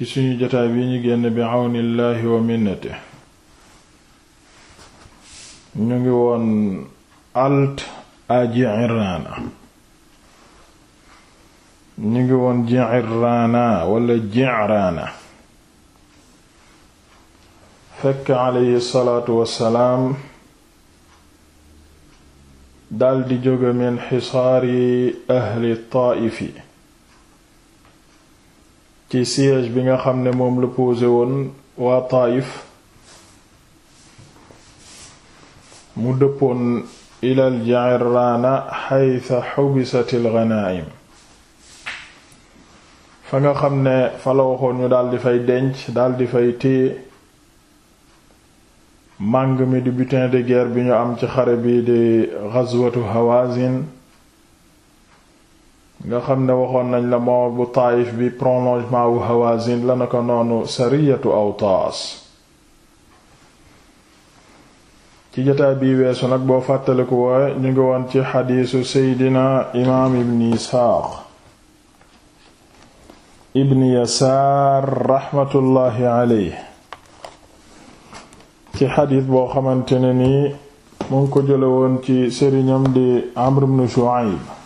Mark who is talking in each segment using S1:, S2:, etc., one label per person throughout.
S1: ci suñu jotaay bi génn bi àwnillaahi wa minnate ñu ngi woon alt a Ji'irraana ñu ngi woon Ji'irraana wala Ji'raana fekk aleyhi salaatu wassalaam daldi jóge min xisaari ahli Taa'ifi ci siège bi nga xam ne moom la posé woon waa Taayif mu dëppoon ilal Ja'irraana xayta xubisatil ghanaa'im fa nga xam ne fa la waxoon ñu daldi fay denc daldi fay téye màng mi di butin de guerre bi ñu am ci xare bi di ghazwatu Hawazin nga xam ne waxoon nañ la moo bu Taayif bi prolongement wu Hawazin la naka noonu sariyatu Awtaas ci jotaay bii weesu nag boo fàttaliku waaye ñu ngi woon ci xadiisu seydina imaam ibn Isxaaq ibn Yasaar raxmatullaahi aleyhi ci xadiis boo xamante ne nii mu ngi ko jële woon ci sëriñam di Amr ibn Shuayb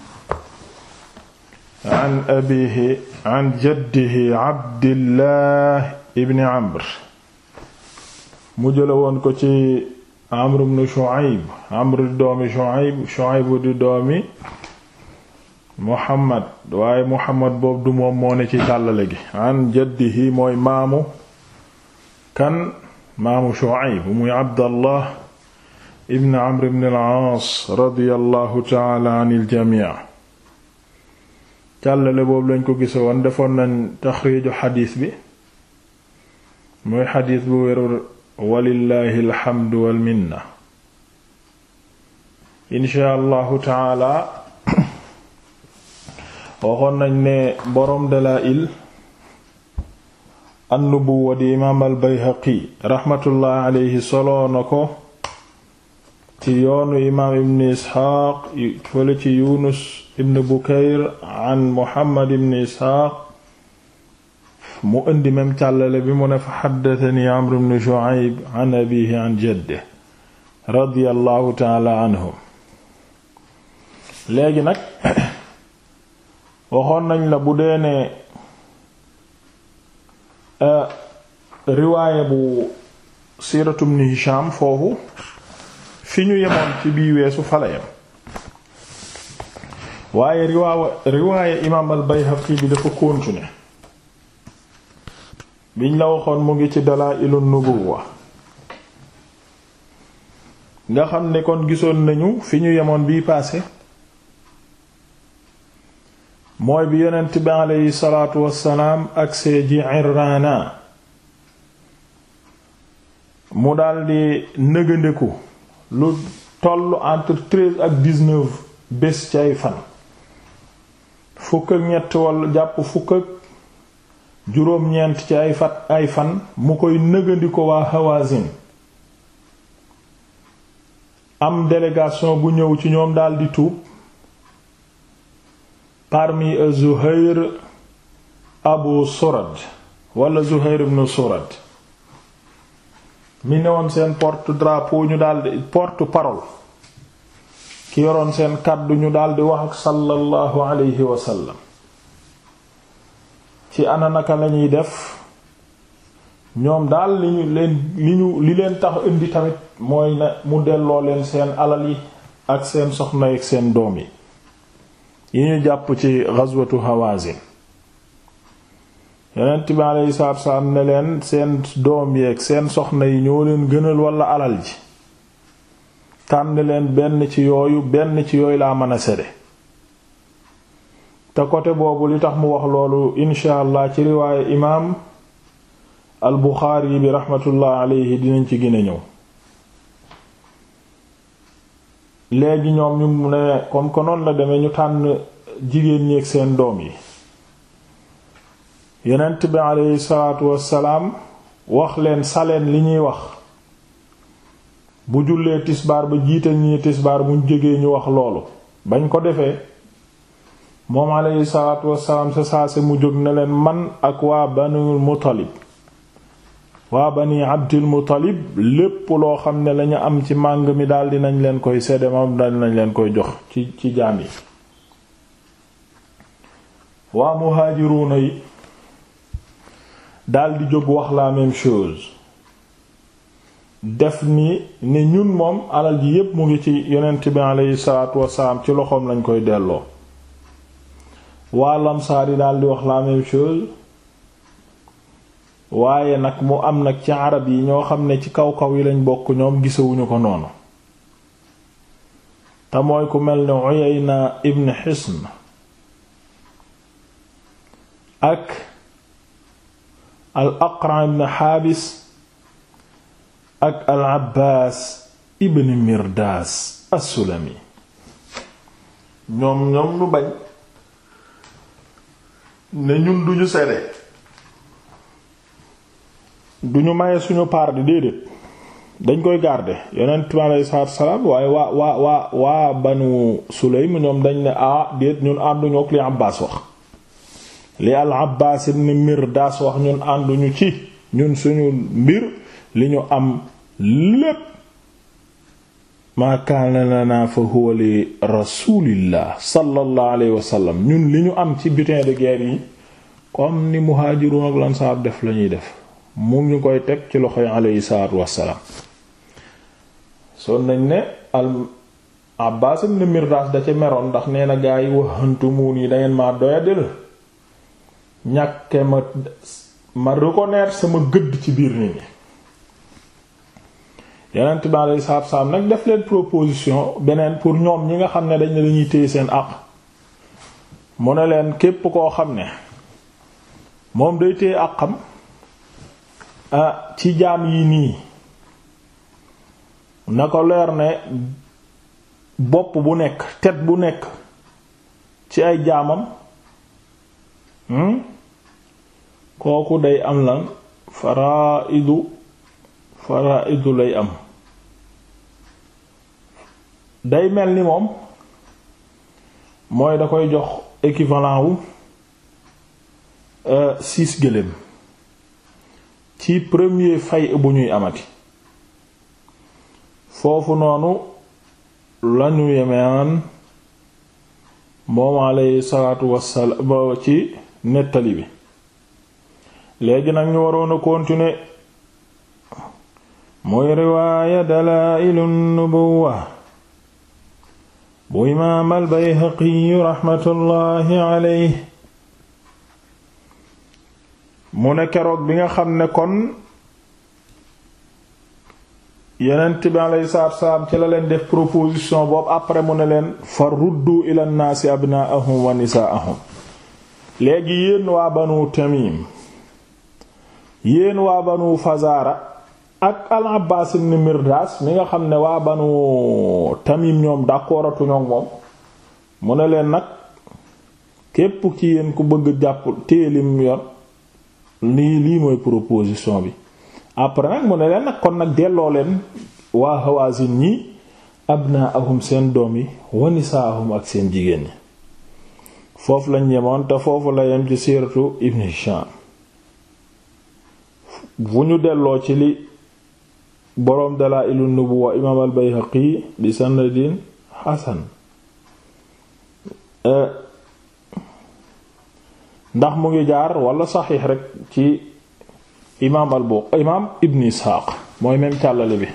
S1: an abiihi an jaddihi abdillah ibni amr mu jële woon ko ci amr ibn shu'ayb amr di doomi shu'ayb shu'ayb di doomi muhammad waaye muhammad boobu du moom moo ne ci tàllale gi an jaddihi mooy maamu kan maamu shu'ayb muy abdallah ibn amr ibn al-aas radiyallahu ta'ala anil jamii càllale boobu lañ ko gise woon defoon nañ taxriiju xadiis bi muy xadiis bu wérul walillaahi alxamdu wal insha allahu taala waxoon nañ ne boroom dalaa'il annubuwa di imaam al raxmatullahi alayhi ko ci yoonu imaam ibn isxaaq fële ci yunus ibn Bukayr an mu indi même càllale bi mu ne fa xaddatani Amr ibn Shu'ayb an abiihi an jaddihi radiyallahu ta'ala anhum léegi nag nañ la bu dee euh, bu siiratu ibn Hishaam foofu fi ñu yemoon ci fa weesu falayam waaye riwaawa riwaaya imaam al-Bayhaqi bi dafa continuer biñ la waxoon mu ngi ci Dalaa'ilu Nubuwwa nga xam ne kon gisoon nañu fi ñu yemoon bii paase mooy bi yonent bi aleyhi salaatu wassalaam ak see Ji'irraana mu daldi nëgëndeku lu toll entre treize ak dix-neuf bés ci fan fukk ak ñett walla jàpp fukk juróom-ñeent ci ay fat ay fan mu koy nëgandi ko waa Hawazin am délégation bu ñëw ci ñoom daldi tuub parmi Zuhair Abu Surad wala Zuhair ibn Surad mi newoon seen porte drapeau ñu daldi porte parole ci yoroon seen kàddu ñu daldi wax ak sallallahu alayhi wa sallam ci ana naka lañuy def ñoom daal li ñu li leen tax indi tamit mooy na mu delloo leen seen alal yi ak seen soxna yi ak seen doom yi yi ñu jàpp ci ghazwatu Hawazin yonent bi alayhi salaatu wa salaam seen doom yi ak seen soxna yi ñoo leen gënal walla alal ji tànn leen benn ci yooyu benn ci yooyu laa mën a séde te côté boobu li tax mu wax loolu incha ci riwaaye imaam al buxaari bi raxmatullah aleyhi dinañ ci gën a ñëw léegi ñoom ñu mu ne comme que la demee ñu tànn jigéen ñi seen doom yi yonent bi aleyhi salaatu wassalaam wax leen saleen li ñuy wax bu jullee tisbaar ba jiite ñi tisbaar buñ jógee ñu wax loolu bañ ko defee moom aleyhi salaatu wasalaam sa saase mu jóg ne leen man ak waa banul muttalib waa bani abdil muttalib lépp loo xam ne lañu am ci màng mi daal dinañ leen koy sedde moom daal leen koy jox ci ci jaam yi waa muhaajiruuna yi daldi jóg wax la même chose def ni ne ñun moom alal ji yépp mu ngi ci yonent bi aleyhi salaatu ci loxoom lañ koy delloo waa lamsaar yi daal di wax la même chose waaye nag mu am nag ci arab yi ñoo xam ne ci kaw-kaw yi lañ bokk ñoom gisewuñu ko noonu te ku mel ni Uyayna ibn Hisn ak al Aqra ibn Habis ak al abbaas ibn mirdaas as-sulami ñoom ñoom lu bañ ne ñun duñu seede duñu maye suñu part di déedéet dañ koy garde yonent bi aleyhi salaatu salaam waaye waa waa waa waa banu sulaym ñoom dañ ne ah déet ñun ànduñu ak li abbaas wax li al abbaas ibn mirdaas wax ñun ànduñu ci ñun suñu mbir li ñu am lépp maakaana lana fa huwa li rasulillah sallallahu ñun li ñu am ci bitin de guerre yi comme ni muhajirun ak lansaar def lañuy def mu ngi koy teg ci loxoy alayhi salaatu wassalaam son nañ ne al Abbaas ibn Mirdaas da ca meroon ndax nee na gaa yi waxantumuun yi dangeen ma doyadil ñàkke ma ma reconnaître sama gëdd ci biir nit ñi yonent bi alayhi salaatu salaam nag def leen proposition beneen pour ñoom ñi nga xam ne dañ ne dañuy téye seen àq mu ne leen képp koo xam ne moom day téye àqam ah, ci jaam yi nii na ko leer ne bopp bu nekk tet bu nekk ci ay jaamam hmm? kooku day am lan faraidu faraidu lay am day mel ni moom mooy da koy jox équivalent wu euh, six gëléem ci premier fay bu ñuy amati foofu noonu lañu yemeen moom alayhi salaatu wassalaam ci nettali bi léegi nag ñu waroon a continuer muy riwaaya dalaa'ilun nubuwwa bu imaam albayhaqiyu raxmatullaahi aleyhi mu ne keroog bi nga xam ne kon yonent bi alayhi salaatu ci la leen def proposition boobu après mu ne leen fa ruddu ila nnaasi abnaahum wa nisaahum léegi yéen waa banu tamim yéen waa banu fazaara ak al Abbaas ibn Mirdaas mi nga xam ne waa banu Tamim ñoom d'accord atuñoo moom mu ne leen nag képp ci yéen ku bëgg jàpp téelim yor lii lii mooy proposition bi après nag mu ne leen nag kon nag delloo leen waa Hawazin ñi abnaahum seen doom yi wa nisaahum ak seen jigéen ñi foofu lañ yemoon te foofu la yem ci siiratu Ibn bu ñu delloo ci li boroom dalaa'ilu nubuwwa imaam al bayhaqi bi sanadin xasan eh, ndax mu ngi jaar walla saxiix rekk ci imaam al bu imaam ibn isxaaq mooy même càllale bi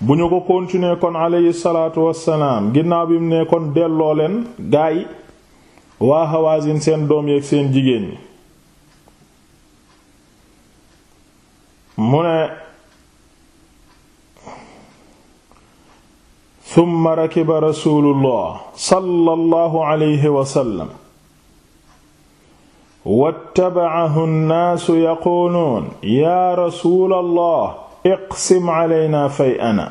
S1: bu ñu ko continuer kon aleyhi salaatu wassalaam ginnaaw bi mu ne kon delloo leen gaa yi waa Hawazin seen doom yeeg seen jigéen ñi mu ne summa rakiba rasulullah sallallahu alayhi wa sallam wattaba'ahu nnaasu yaquuluun yaa rasuulallah iqsim calaynaa fay'ana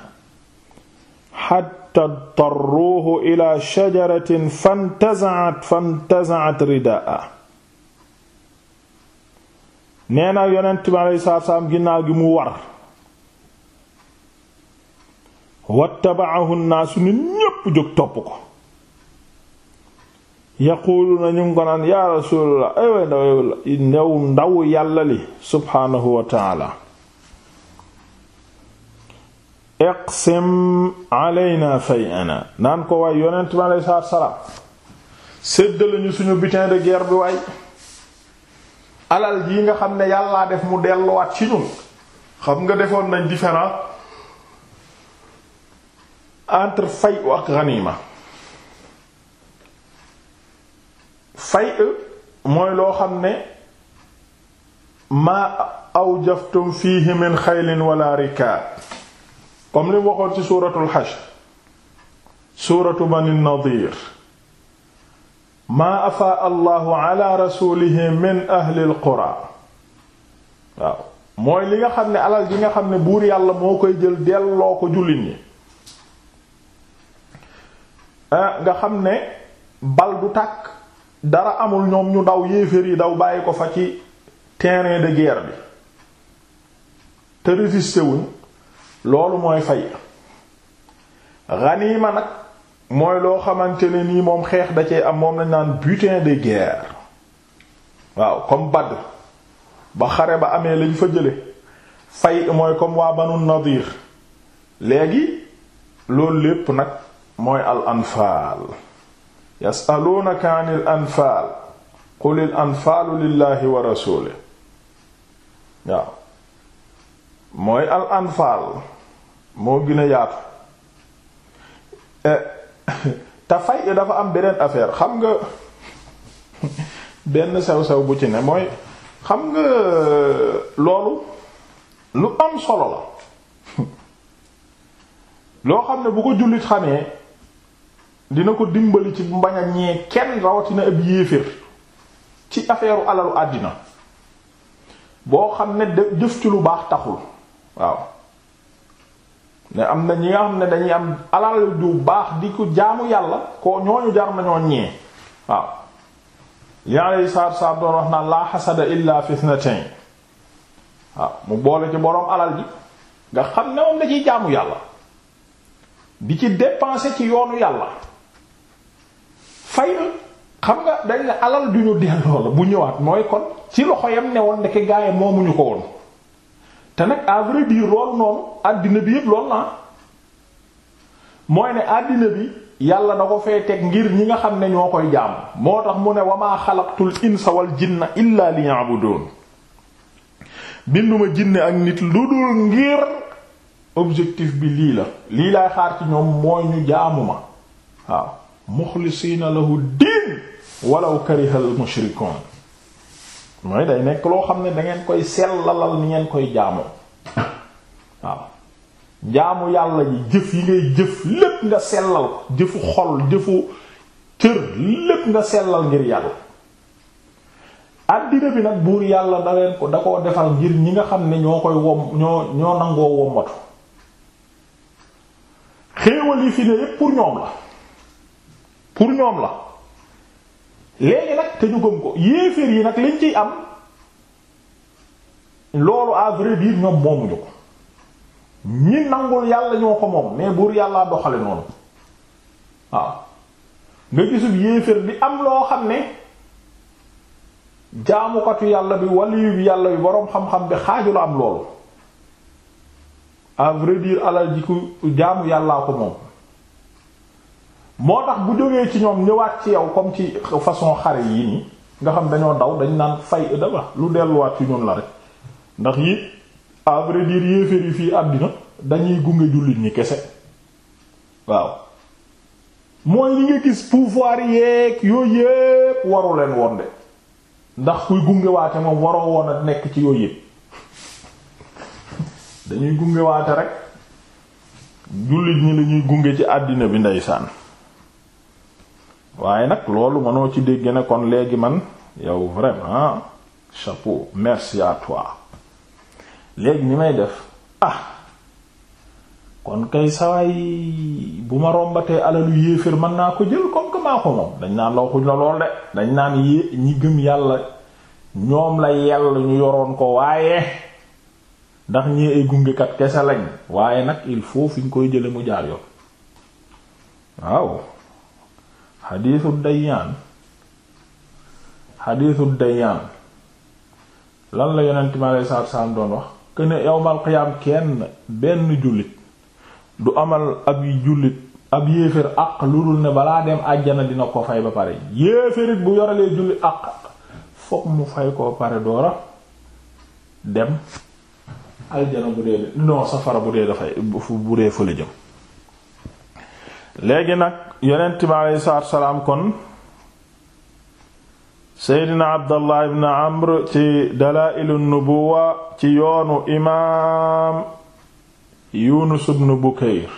S1: xatta dtarruuhu ilaa shajaratin fantazacat fantazacat ridaa'ah nee na yonent bi alayhi salaatu wa salaam ginnaaw gi mu war wattaba'ahu an-naasu nit ñépp jóg topp ko yaquluuna ñu ngi ko naan yaa rasuulallah aywa ndaw ndaw yàlla li subhaanahu wa ta'aala iqsim naan ko waay yonent bi suñu butin de guerre bi alal yi nga xam ne yàllaa def mu delluwaat ci ñun xam nga defoon nañ différent entre fay u ak ganima fay mooy loo xam ne maa awjaftum fiihi min xaylin wala rikaab comme li waxoon ci suuratul xashr suuratu bani nadiir maa afaa li nga xam ne alal ji nga xam ne buur yàlla moo koy jël delloo ko jullit yi Ah, nga xam ne bal bu tàkk dara amul ñoom ñu daw yéeféer yi daw bàyyi ko fa ci terrain de guerre bi te résisté wuñ loolu mooy fay ganiima nag mooy loo xamante ne nii moom xeex da cee am moom lañ naan butin de guerre waaw comme Badr ba xare ba amee lañ fa jële fay mooy comme waa Banu Nadir léegi loolu lépp nag mooy al anfaal yasaluunaka an il anfaal qul il anfaalu lillahi wa rasuuli waaw mooy al anfaal moo gina a yaatu eh, te fay dafa am beneen affaire xam nga benn sew sew bu ci ne mooy xam nga euh, loolu lu am solo la loo xam ne bu ko jullit xamee dina ko dimbali ci mbañ a ñee kenn rawatina ab yéeféer ci affaire u alalu àddina boo xam ne jëf ci lu baax taxul waaw ne am na ñi nga xam ne dañuy am alal ju baax di ko jaamu yàlla ko ñooñu jar nañoo ñee waaw li alayhi salaatu wasalaam doon wax naan laa xasada illa fi waaw mu boole ci boroom alal bi nga xam ne moom da ciy jaamu yàlla bi ci dépenser ci yoonu yàlla fay xam nga dañ ne alal du ñu delloo la bu ñëwaat mooy kon ci loxo yam ne woon ndeke gaayam moomuñu ko woon te nag à vrai dire noonu àddina bi yépp loolu naa mooy ne àddina bi yàlla na ko fee teg ngir ñi nga xam ne ñoo koy jaam moo tax mu ne wamaa xalaqtul insa wal jinna illa liya'budun binduma jinne ak nit lu dul ngir objectif bi lii la lii lay xaar ci ñoom mooy ñu jaamu ma waaw muxlisiina lahu diin walaw karihal mushrikoon mooy day nekk loo xam ne dangeen koy sellalal ni ngeen koy jaamoo waaw jaamu yàlla jëf yi ngay jëf lépp nga sellal jëfu xol jëfu cër lépp nga sellal ngir yàlla àddina bi nag buur yàlla daleen ko da koo defal ngir ñi nga xam ne ñoo koy wom ñoo ñoo nangoo wombatu xéewal yi fi ne yépp pour ñoom la pour ñoom la léegi nag te ñu ko yéeféer yi nag liñ ciy am loolu à vrai dire ñoom moomuñu ko ñi nangul yàlla ñoo ko moom mais buur yàllaa doxale noonu waaw nga gisub yéeféer bi am loo xam ne jaamukatu yàlla bi waliyu bi yàlla bi boroom xam-xam bi xaaju am loolu à vrai dire alal ji jaamu yàllaa ko moom moo tax bu jógee ci ñoom ñëwaat ci yow comme ci façon xare yi nii nga xam dañoo daw dañ naan fay dama lu delluwaat ci ñun la rek ndax yi à vrai dire yéeféer yi fii àddina dañuy gunge jullit ñi kese waaw mooy li nga gis pouvoir yeeg yooyu yépp waru leen woon de ndax kuy gungewaate moom waroo woon a nekk ci yooyu yépp dañuy gungewaate rek jullit ñi lañuy gunge ci àddina bi ndeysaan waaye nag loolu mënoo ci dégg ne kon léegi man yow vraiment chapeau merci à toi léegi ni may def ah kon kay sawaay bu ma rombatee alalu yéeféer mën naa ko jël comme que dañ naan la waxuñ la lool de dañ naan yé ñi gëm yàlla ñoom la yàlla ñu yoroon ko waaye ndax ñee ay gungekat kese lañ waaye nag il faut fi ñu koy jële mu jaar yoon waaw xadiisu dayyaan xadiisu dayyaan lan la yonent mi alayhi salaatu salaam doon wax këne yowmal qiyaam kenn benn jullit du amal ab yi jullit ab yéeféer àq lu dul ne balaa dem àjjana dina ko fay ba pare yéeféerit bu yoralee jullit àq fokk mu fay ko pare doora dem aljana bu dee non safara bu dee dafay bu dee fële jëm léegi nag yonent bi aleyhi salaatu salaam kon seydina abdallah ibn amr ci dalaa'ilu nubuwa ci yoonu imaam yunus ibn bukayr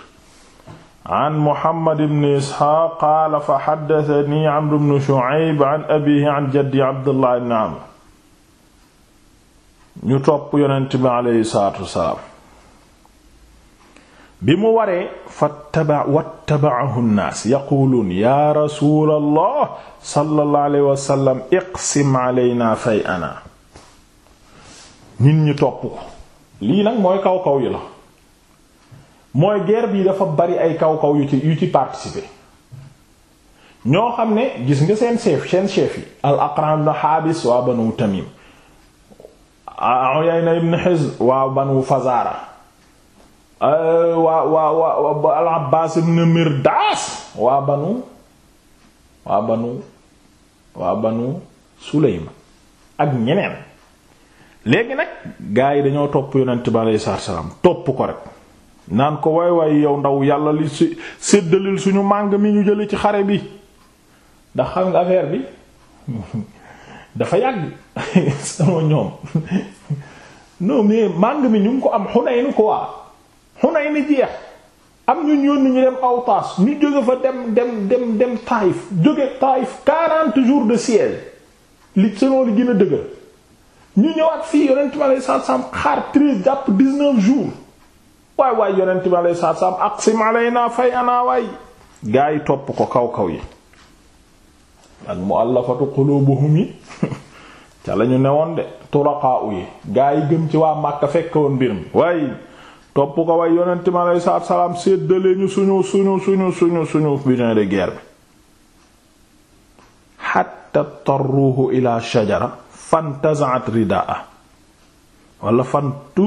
S1: an muhammad ibn isxaaq qaala fa xaddatani amr ibn shu'ayb an abiihi an jaddi abdallah ibn amr ñu topp yonent bi aleyhi salaatu salaam bi mu waree fattaba wattabaahu nnaas yaquluun ya rasul allah sallallahu alayhi wa sallam fay ana nit ñi topp ko lii nag mooy kaw-kaw yi la mooy guerre bi dafa bari ay kaw-kaw yu ci yu ci participer ñoo xam ne gis nga seen chef seen chef yi al aqran ibn haabis waa banu tamim uyayna ibn hizn waa banu fazara Euh, waa waa waa al Abbaas ibn Mirdaas waa banu waa banu waa banu Sulayma ak ñeneen léegi nag gaa yi dañoo topp yonent bi aleyhi salaatu topp ko rek naan ko waay waay yow ndaw yàlla li si séddalil suñu màng mi ñu jële ci xare bi ndax bi dafa yàgg sama ñoom non mais màng mi ñu ngi ko am Hunayn ko waa Hunayn jeex am ñu yónni ñu dem Awtaas ñu jóge fa dem dem dem dem Taïf jóge Taïf 40 jours de siège li selon li gën a dëgër ñu ñëwaat fii yonent bi alayhi salaatu salaam xaar 13 jàpp 19 jours waay waay yonent bi alayhi salaatu salaam aqsim alaynaa fay anaa waay gaa yi topp ko kaw kaw yi ak mu'allafatu qulubuhum yi ca lañu newoon de turaqaa yi gaa yi gëm ci waa Màkka fekkoon mbir mi waaye topp ko way yonent mi aleyhi salaam séddale ñu suñu suñu suñu suñu suñu butin de guerre bi xatta tarruhu ila shajara fantazaat ridaa wala fantu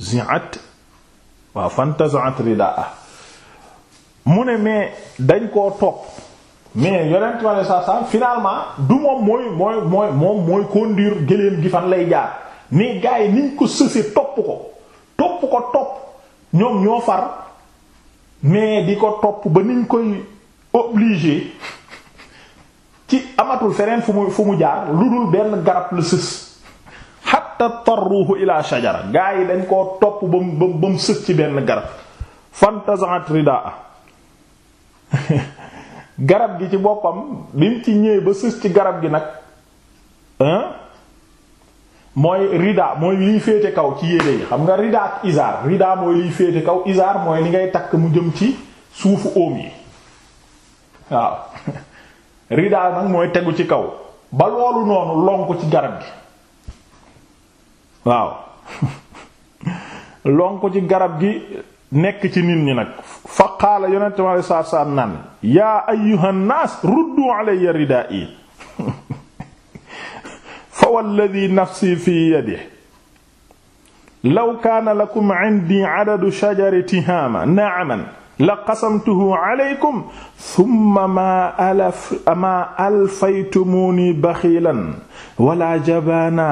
S1: ziat waaw mu ne mais dañ koo topp mais yonent mi aleyhi salaatu salaam finalement du moom mooy mooy moom mooy conduire gëléem gi fan lay jaar mais gars niñ ko sëse topp ko topp ko topp ñoom ñoo far mais di ko topp ba niñ koy obligé ci amatul feneen fu mu fu mu jaar lu dul benn garab la sës hatta tarruhu ila shajara gaa yi dañ koo topp ba mu ba mu sës ci benn garab fantasaat garab gi ci boppam bi mu ci ñëwee ba sës ci garab gi nag mooy rida mooy liy féete kaw ci yére yi xam nga ridaa ak isaar rida mooy liy féete kaw isaar mooy li ngay takk mu jëm ci suufu óom yi waaw rida nag mooy tegu ci kaw ba loolu noonu lonku ci garab gi waaw lonku ci garab gi nekk ci nit ñi nag fa qaala yonente mi alei saatu salaam naan yaa ayyuhan naas ruddu alayya ridaa'i fawalladi nafsi fi yadihi law kaana lakum indi adadu shajari tihaama na'aman la qasamtuhu alaykum thumma maa alaf maa alfaytumuuni baxiilan wala jabaana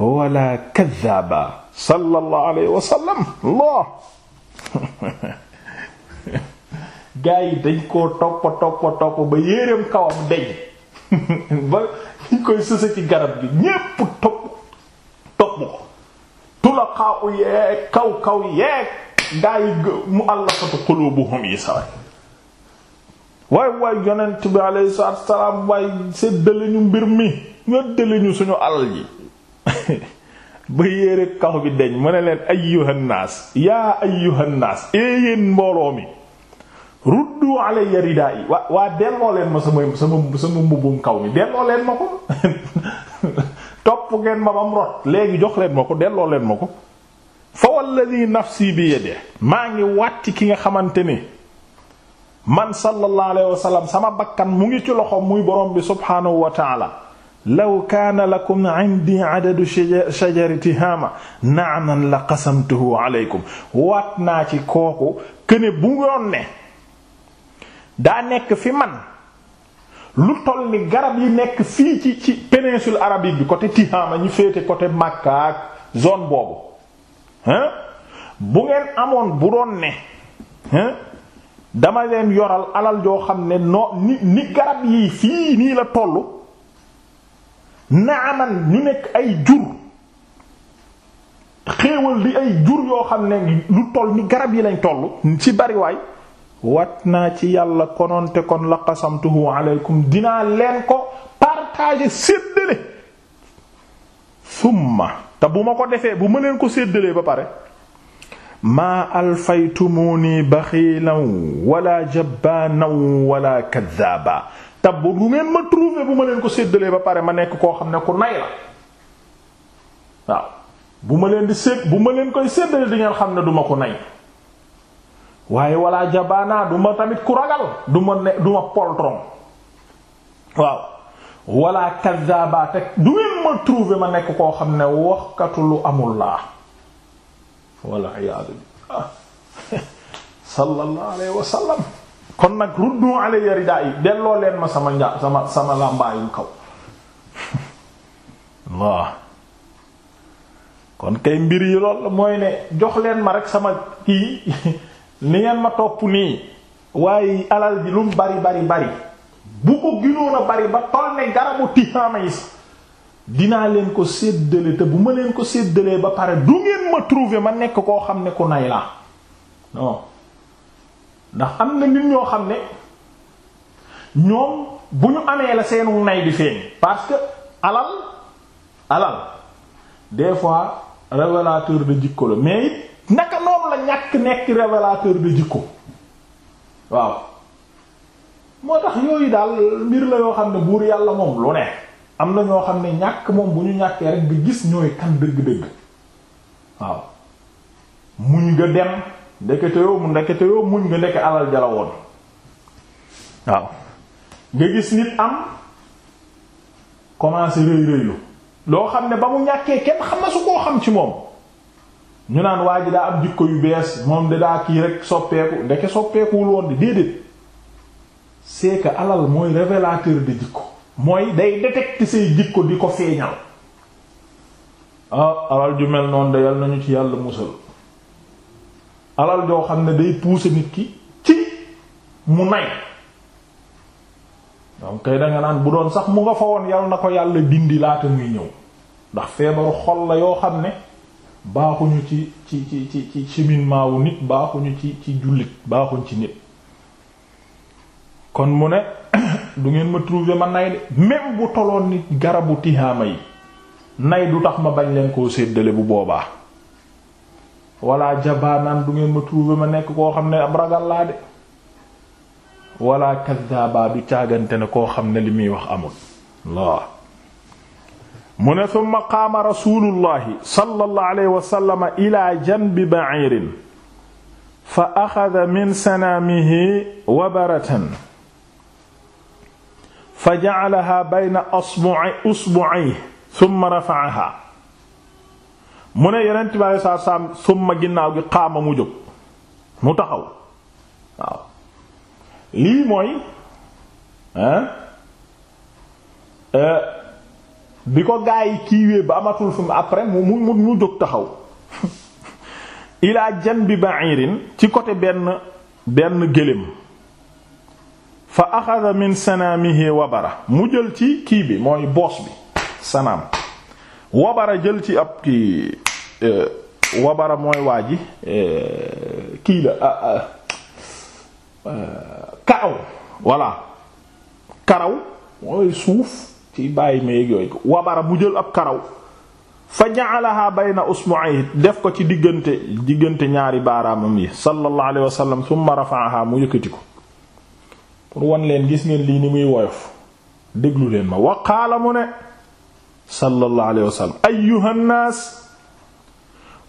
S1: wala kaddaaba sallallahu alayhi wa sallam loo gaa yi dañ koo toppa toppa toppa ba yéreem kawam deñ ba ñu koy sësa ci garab gi ñépp topp topp ko tula xaaw yeeg kaw kaw yeeg gaa yi mu allafatu qulubuhum yi saway waay waay yonent bi alayhi salaatu wassalaam waay séddale ñu mbir mi ñoddale ñu suñu alal ji ba yéere kaw bi deñ mu ne leen ayyuhan naas yaa ayyuhan naas ee mbooloo mi ruddu alayya ridaa'i waa waa delloo leen ma sama sama sama mbubbum kaw mi delloo leen ma ko topp ngeen ma bam rot léegi jox leen ma ko delloo leen ma ko fa walladhi nafsi bi yadihi maa ngi wàcc ki nga xamante ni man sallallahu alayhi wa sama bakkan mu ngi ci loxo muy borom bi subhaanahu wa ta'ala law kaana lakum indi adadu shajari tihaama na'man la qasamtuhu waat naa ci kooku këne bu ngoon ne daa nekk fi man lu toll ni garab yi nekk fii ci ci péninsule arabique bi côté Tihama ñu féete côté Makka ak zone boobu hein bu ngeen amoon bu doon ne dama leen yoral alal yoo xam ne noo ni ni garab yii fii nii la toll naaman ñu nekk ay jur xéewal di ay jur yoo xam ne lu toll ni garab yi lañ toll ci bariwaay wat naa ci yàlla kononte kon la qasamtuhu aleykum dinaa leen ko partager séddale summa te bu ma ko defee bu ma leen ko séddalee ba pare maa alfaytumuni baxiilan wala jabbaanan wala kaddaaba te bu ngeen ma trouver bu ma leen ko séddalee ba pare ma nekk koo xam ne ku nay la waaw bu ma leen di sédd bu ma leen koy séddalee di ngeen xam ne duma ko nay waaye walla jabanaa du ma tamit ku ragal du ma ne du poltron waaw walla kazaaba teg du ngeen ma trouver ma nekk koo xam ne waxkatu lu amul laa walla iyaadu billah sallallahu alayhi wa kon nag ruddu alayya ridaa yi delloo leen ma sama nja sama sama làmbaayu kaw waaw kon kay mbir yi lool mooy ne jox leen ma rek sama kii ni ngeen ma topp nii waaye alal ji lum bari bari bu ko ginoon bari ba toll ne garabu tixaamays dinaa leen ko séddale te bu ma leen ko séddalee ba pare du ngeen ma trouver ma nekk koo xam ne ku nay la non ndax am na nit ñoo xam ne ñoom bu ñu amee la seenu nay di feeñ parce que alal alal des fois révélateur de jikko la mais naka noonu la ñàkk nekk révélateur de jikko waaw moo tax yooyu daal mbir la yoo xam ne buur yàlla moom lu ne am na ñoo xam ne ñàkk moom bu ñu ñàkkee rek nga gis ñooy kan dëgg-dëgg waaw muñ nga dem ndekete yoo mu ndekete yoo muñ nga nekk alal jala woon waaw nga gis nit am commencé rëy rëylu loo xam ne ba mu ñàkkee kenn xam na su koo xam ci moom ñu naan waa ji daa am jikko yu bees moom de daa kii rek soppeeku ndeke soppeekuwul woon di déedéet c'est alal mooy révélateur de jikko mooy day détecter say jikko di ko feeñal ah alal ju mel noonu de yal nañu ci yàlla musal alal joo xam ne day pousser nit ki ci mu nay donc kay danga naan bu doon sax mu nga fa woon yal na ko yàlla dindi laata muy ñëw ndax feebaru xol la yoo xam ne baaxuñu ci ci ci ci ci cheminement wu nit baaxuñu ci ci jullit baaxuñ ci nit kon mu ne du ngeen ma trouver ma nay de même bu toloon nit garabu tihaama yi nay du tax ma bañ leen koo séddale bu boobaa walla jabaanaan du ngeen ma trouver ma nekk koo xam ne ab ragal laa de walla kaddaaba du càggante na koo xam ne li muy wax amul waaw mu ne summa qaama rasulullahi sallallahu alayhi wa sallam ila janbi ba'iirin fa axada min sanaamihi wabaratan fa ja'alahaa bayna usbu'ayhi summa rafa'ahaa mu ne yonent bi alayhi salaatu salaam summa ginnaaw gi qaama mu jóg mu taxaw waaw lii mooy ah. Eh, bi ko gaa yi kiiwee ba amatul fi mu après mu mu jóg taxaw ilaa jan bi ba'irin ci côté benn benn gëléem fa axada min sanaamihi wabara mu jël ci kii bi mooy boos bi sanaam wabara jël ci ab kii euh, wabara mooy waa ji euh, kii la ah, ah, euh, karaw voilà karaw mooy suuf ci bàyyi ma yeeg yooyu wabara mu jël ab karaw fa ja'alaha bayna usbu'ayhi def ko ci diggante diggante ñaari baaraamam yi sallallahu alayhi wa sallam rafa'aha mu yëkkati ko pour wan leen gis ngeen lii ni muy woyof déglu leen ma wa qaala mu ne sallallahu alayhi wa sallam ayyuha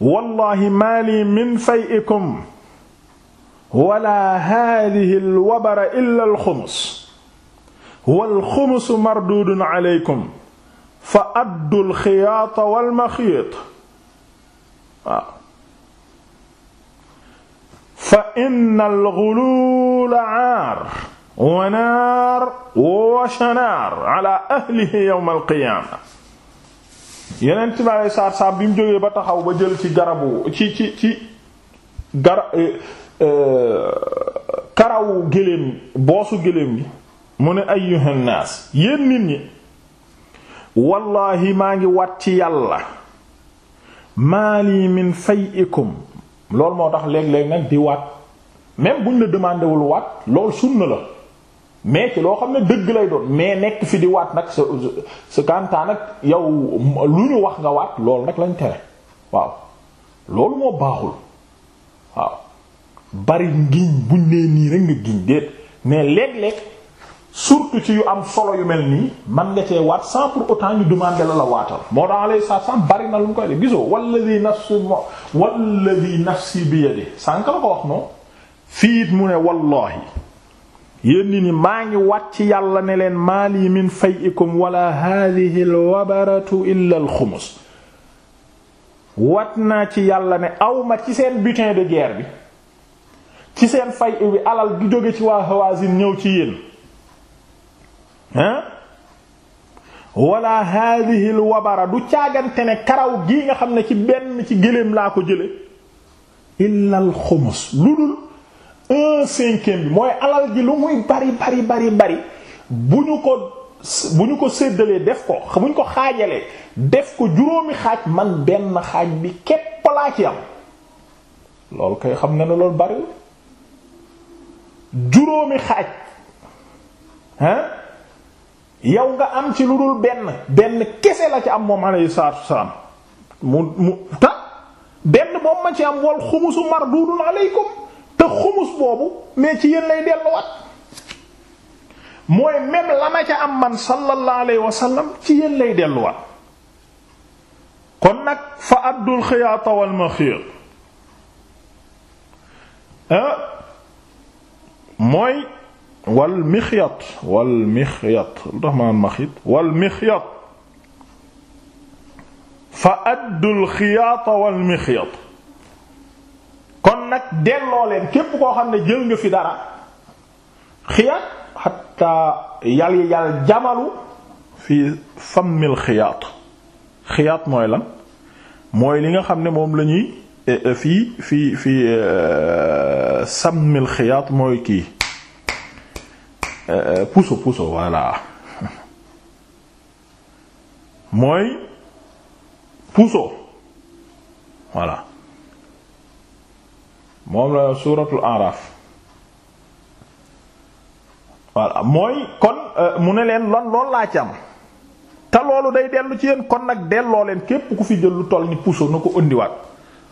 S1: wallahi maa lii min fay'ikum wala haadhihi al-wabara illa wal xumusu mardudun aleykum fa addul xiyaata wal maxiit waaw fa innal xuluula aar wa naar wa shanaar ala ahlihi yawmal qiyaama yeneen ci ma lay saar saar bi mu jógee ba taxaw ba jël ci garabu ci ci ci gara eh, eh, karawu géléem boosu géléem gi mu ne ay nnaas yéen nit ñi wallaahi maa ngi waat ci yàlla maali min fayikum loolu moo tax léeg-léeg nag di waat même buñ la demandé wul waat lool sunna la mais ci loo xam ne dëgg lay doon mais nekk fi di waat nag sa sa kantaa nag yow lu ñu wax nga waat lool nag lañ tere waaw loolu moo baaxul waaw bari ngiñ buñ nee nii rek nga giñ déet mais léeg-léeg surtout ci yu am solo yu mel nii man nga cee waat sans pour autant ñu demander la la waatal moo tax alayhi salaam bari na lu mu koy def gisoo walladhi nafsi nafsi bi yadihi sànq la ko wax noonu fii it mu ne wallahi yéen ni maa ngi waat ci yàlla ne leen maali min fayikum wala hadhihi alwabaratu illa alxumus wat naa ci yàlla ne awma ci seen butin de guerre bi ci seen fay bi alal gi jóge ci waa Hawazin ñëw ci yéen ah wala hadhihi wabara du caagante ne karaw gii nga xam ne ci benn ci gëléem laa ko jële illa al lu dul un cinquième bi mooy alal ji lu muy bari bari bari bu ñu ko bu ñu ko séddalee def ko bu ko xaajalee def ko juróomi xaaj man benn xaaj bi képp laa ci am loolu koy xam nga ne loolu bariwul juróomi xaaj ah yow nga am ci lu dul benn benn kese la ci am moom alayhi salaatu wasalaam mu mu ta benn boobu ma ci am wal xumusu mardudun aleykum te xumus boobu mais ci yéen lay delluwaat mooy même la ma ca am man sallallahu alayhi wa sallam ci yéen lay delluwaat kon nag fa addul xiyaata wal maxiir eh? mooy wal mixyat wal mixyat lu tax ma naan maxit wal mixyat fa addul xiyaata wal mixyat kon nag delloo leen képp koo xam ne jël nga fi dara xiyaat xatta yal yal jamalu fi fammil xiyaat xiyaat mooy lan mooy li nga xam ne moom lañuy eh, eh, fii fii fii eh, sammil xiyaat mooy kii Euh, euh, puso puso voilà mooy puso voilà moom la suuratul Araf voilà mooy kon euh, mu ne leen lon loolu laa ci am te loolu day dellu ci yéen kon nag delloo leen képp ku fi jël lu toll ni puso na ko indiwaat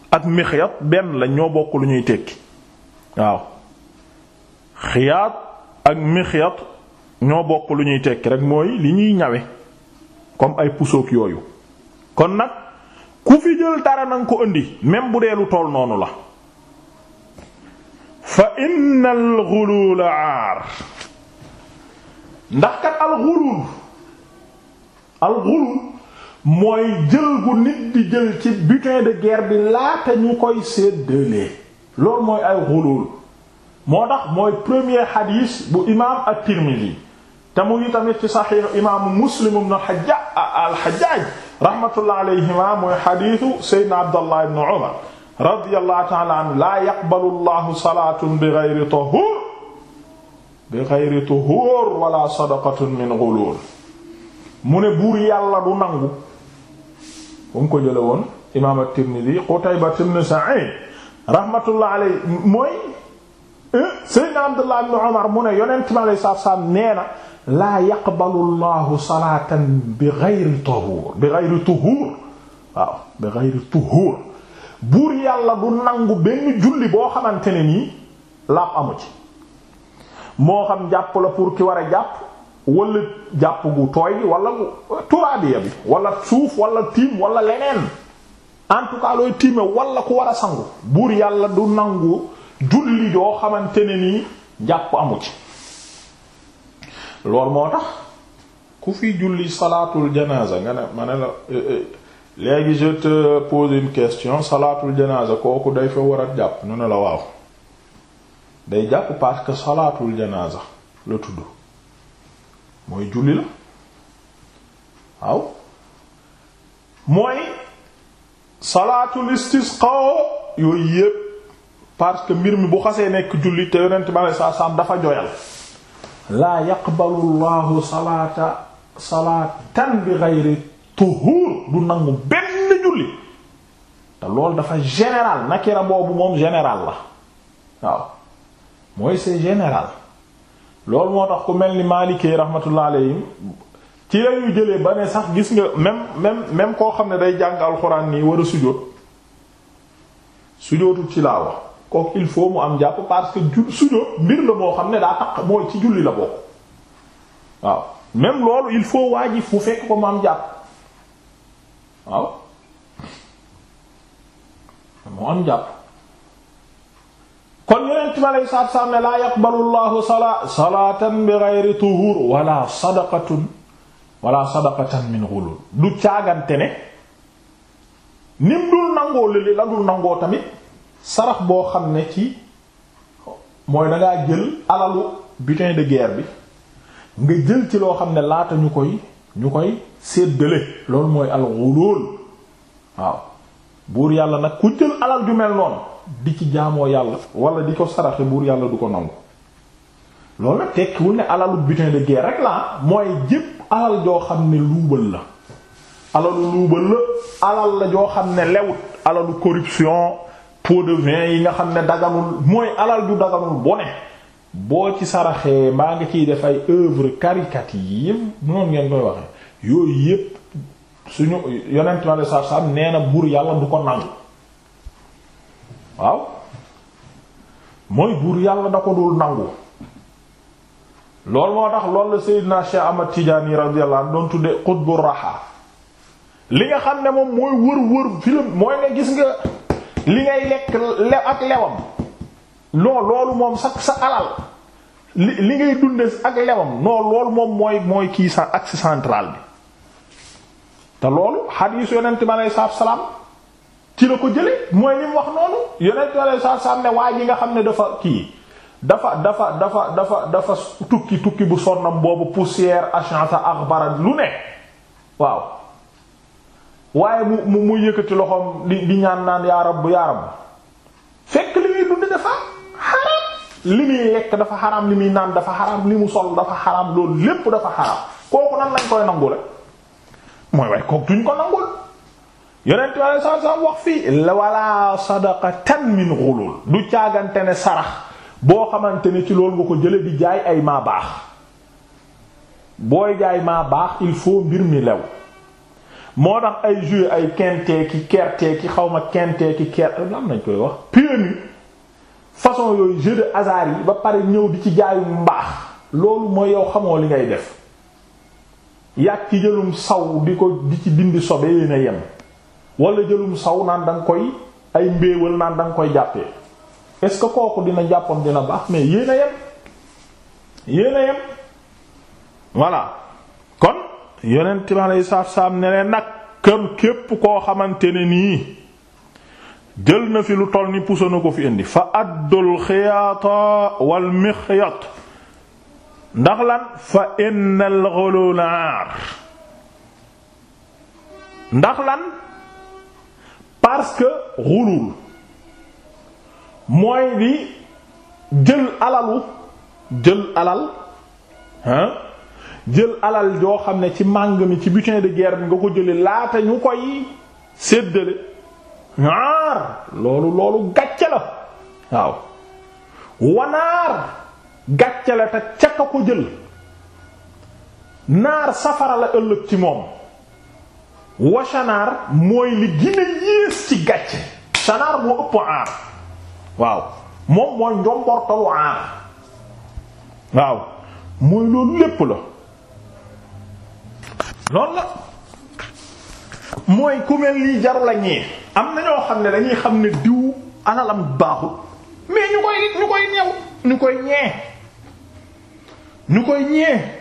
S1: ak mixiyat benn la ñoo bokk lu ñuy tekki waaw xiyaat ak mixyat ñoo bokk lu ñuy tekki rek mooy li ñuy ñawe comme ay pusoog yooyu kon nag ku fi jël dara nanga ko indi même bu dee lu tool noonu la fa inna al ghulul aar ndax kat mooy jël gu nit di jël ci butin de guerre bi laata ñu koy séddalee loolu mooy ay ghulul moo tax mooy premier xadiis bu imaam at-Tirmidhi te mu ngi tamit ci saxiix imaamu Muslim ibn Hajjaj al-Hajjaj rahmatullah alayhima mooy xadiisu Seydina Abdallah ibn Umar radiyallahu ta'ala anhu laa yaqbalu Allahu salaatan bighayri tahuur bighayri tahuur wala sadaqatan min ghuluul mu ne buur yàlla du nangu bu mu ko jëlee woon imaam at-Tirmidhi Qutayba ibn Sa'id rahmatullah alayhi mooy Seydina Abdullah ibn Umar mu ne yonent mi alayhi salaatu salaam nee na laa yaqbalu llahu salaatan bi ghayri tahuur bi ghayri tuhuur waaw bi ghayri tuhuur buur yàlla du nangu benn julli boo xamante ne nii laab amu ci moo xam jàpp la pour ki war a jàpp wala jàpp gu tooy bi wala turaabiya bi wala suuf wala tiim wala leneen en tiime wala ku war a sangu buur yàlla du nangu julli joo xamante ni nii jàpp amu ci loolu moo tax ku fi julli salaatul janaza nga ne ma ne la eh, eh, léegi je pose une question salaatul janaza kooku day fa war a jàpp ñu ne la waaw day jàpp parce que salaatul janaza la tudd mooy julli la waaw mooy salaatul istisqa yooyu yépp parce que mbir mi bu xasee nekk julli te yonent bi dafa joyal laa yaqbalu llahu salaata salaatan loolu dafa général nakira général la waaw mooy c'est moo tax ku mel ni maalikee rahmatullah alayhim ci jëlee ba ne sax gis nga même même même koo xam ne day jàng alxuraan nii war a sujóot sujootul ci laa wax kooku il faut mu am jàpp parce que ju sujóot mbir la moo xam ne daa taq mooy ci julli la bokk waaw même loolu il faut waa ji fu fekk ko mu am jàpp waaw mu am jàpp kon yonent bi aleyhi salaatu salaam ne laa yaqbalu llahu salaa salaatan bi ghayri tuhuur wala sadaqatun wala sadaqatan min ghulul du caagante ne nim dul nangoo lële la dul nangoo tamit sarax boo xam ne ci mooy da jël alalu butin de guerre bi nga jël ci loo xam ne laata ñu koy ñu koy séddale loolu mooy alxulool waaw buur yàlla nag ku jël alal ju mel noon di ci jaamoo yàlla wala di ko saraxe buur yàlla du ko nangu loolu nag tekkiwul ne alalu butin de guerre rek la mooy jépp alal joo xam ne luubal la alalu luubal la alal la joo xam ne lewut alalu corruption pot de vin yi nga xam ne daganul mooy alal ju daganul bone boo ci saraxee maa ngi ciy def ay œuvre caritative noonu ngeen koy waxee yooyu yépp suñu yonent ma de sar sam nee na buur yàlla du ko nangu waaw mooy buur yàlla da ko dul nangu loolu moo tax lool la Seydina Cheikh Ahmad Tidiane radiyallahu anhu doon tudde xutbu raxa li nga xam ne moom mooy wër wër film mooy ne gis nga li ngay lekk le ak lewam non loolu moom sax sa alal li li ngay dunde ak lewam non loolu moom mooy mooy kii sa axe central bi te loolu xadiis yonent bi aleyhi salaatu salaam ci la ko jële mooy li mu wax noonu yonent bi aleyhi salaatu salaam ne waa ji nga xam ne dafa kii dafa dafa dafa dafa dafa tukki tukki bu sonnam boobu poussière ashanta akhbara lu ne waaw waaye mu mu yëkkati loxoom di di ñaan naan yaa rabbu yaa rabbu fekk li muy dund dafa xaram li muy li muy naan dafa xaram li mu sol dafa xaram loolu lépp dafa xaram kooku nan lañ koy nangu la mooy waaye kooku duñ ko nangul yonent bi saa saa wax fii wala sadaqatan min ghulul du caagante ne sarax boo xamante ne ci loolu nga ko jële di jaay ay maa baax booy jaay maa baax il faut mbir mi lew moo tax ay joué ay kentee ki kertee ki xaw ma kentee ki ker lan nañ koy wax PMU façon yooyu jeu de hasard yi ba pare ñëw di ci jaayu mbaax loolu mooy yow xamoo li ngay def yàgg ci jëlum saw di ko di ci dindi sobe yéen a yem wala jëlum saw naan da nga koy ay mbéewal naan da koy jàppee est-ce que kooku dina jàppam dina baax mais yéen a yem yéen a yem voilà kon. yonent bi alayhi salaatu salaam ne nag kër képp koo xamante ne nii jël na fi lu toll ni puso ko fi indi fa addul xiyaata wal mixyat ndax lan fa innal ghulul naar ndax lan parce que xulul mooy di jël alalu jël alal hein jël alal joo xam ne ci màng mi ci butin de guerre bi nga ko jële laata ñu koy séddale aar loolu loolu gàcce la waaw wanaar gàcce la te ca ka ko jël naar safara la ëllëg ci moom washanaar mooy li gën yées ci gàcce sanaar moo ëpp aar waaw moom mooy njombortalu aar waaw mooy loolu lépp la loolu la mooy ku mel nii la ñee am na ñoo xam ne dañuy xam ne diw alalam baaxul mais ñu koy ñu koy koy ñee ñu koy ñee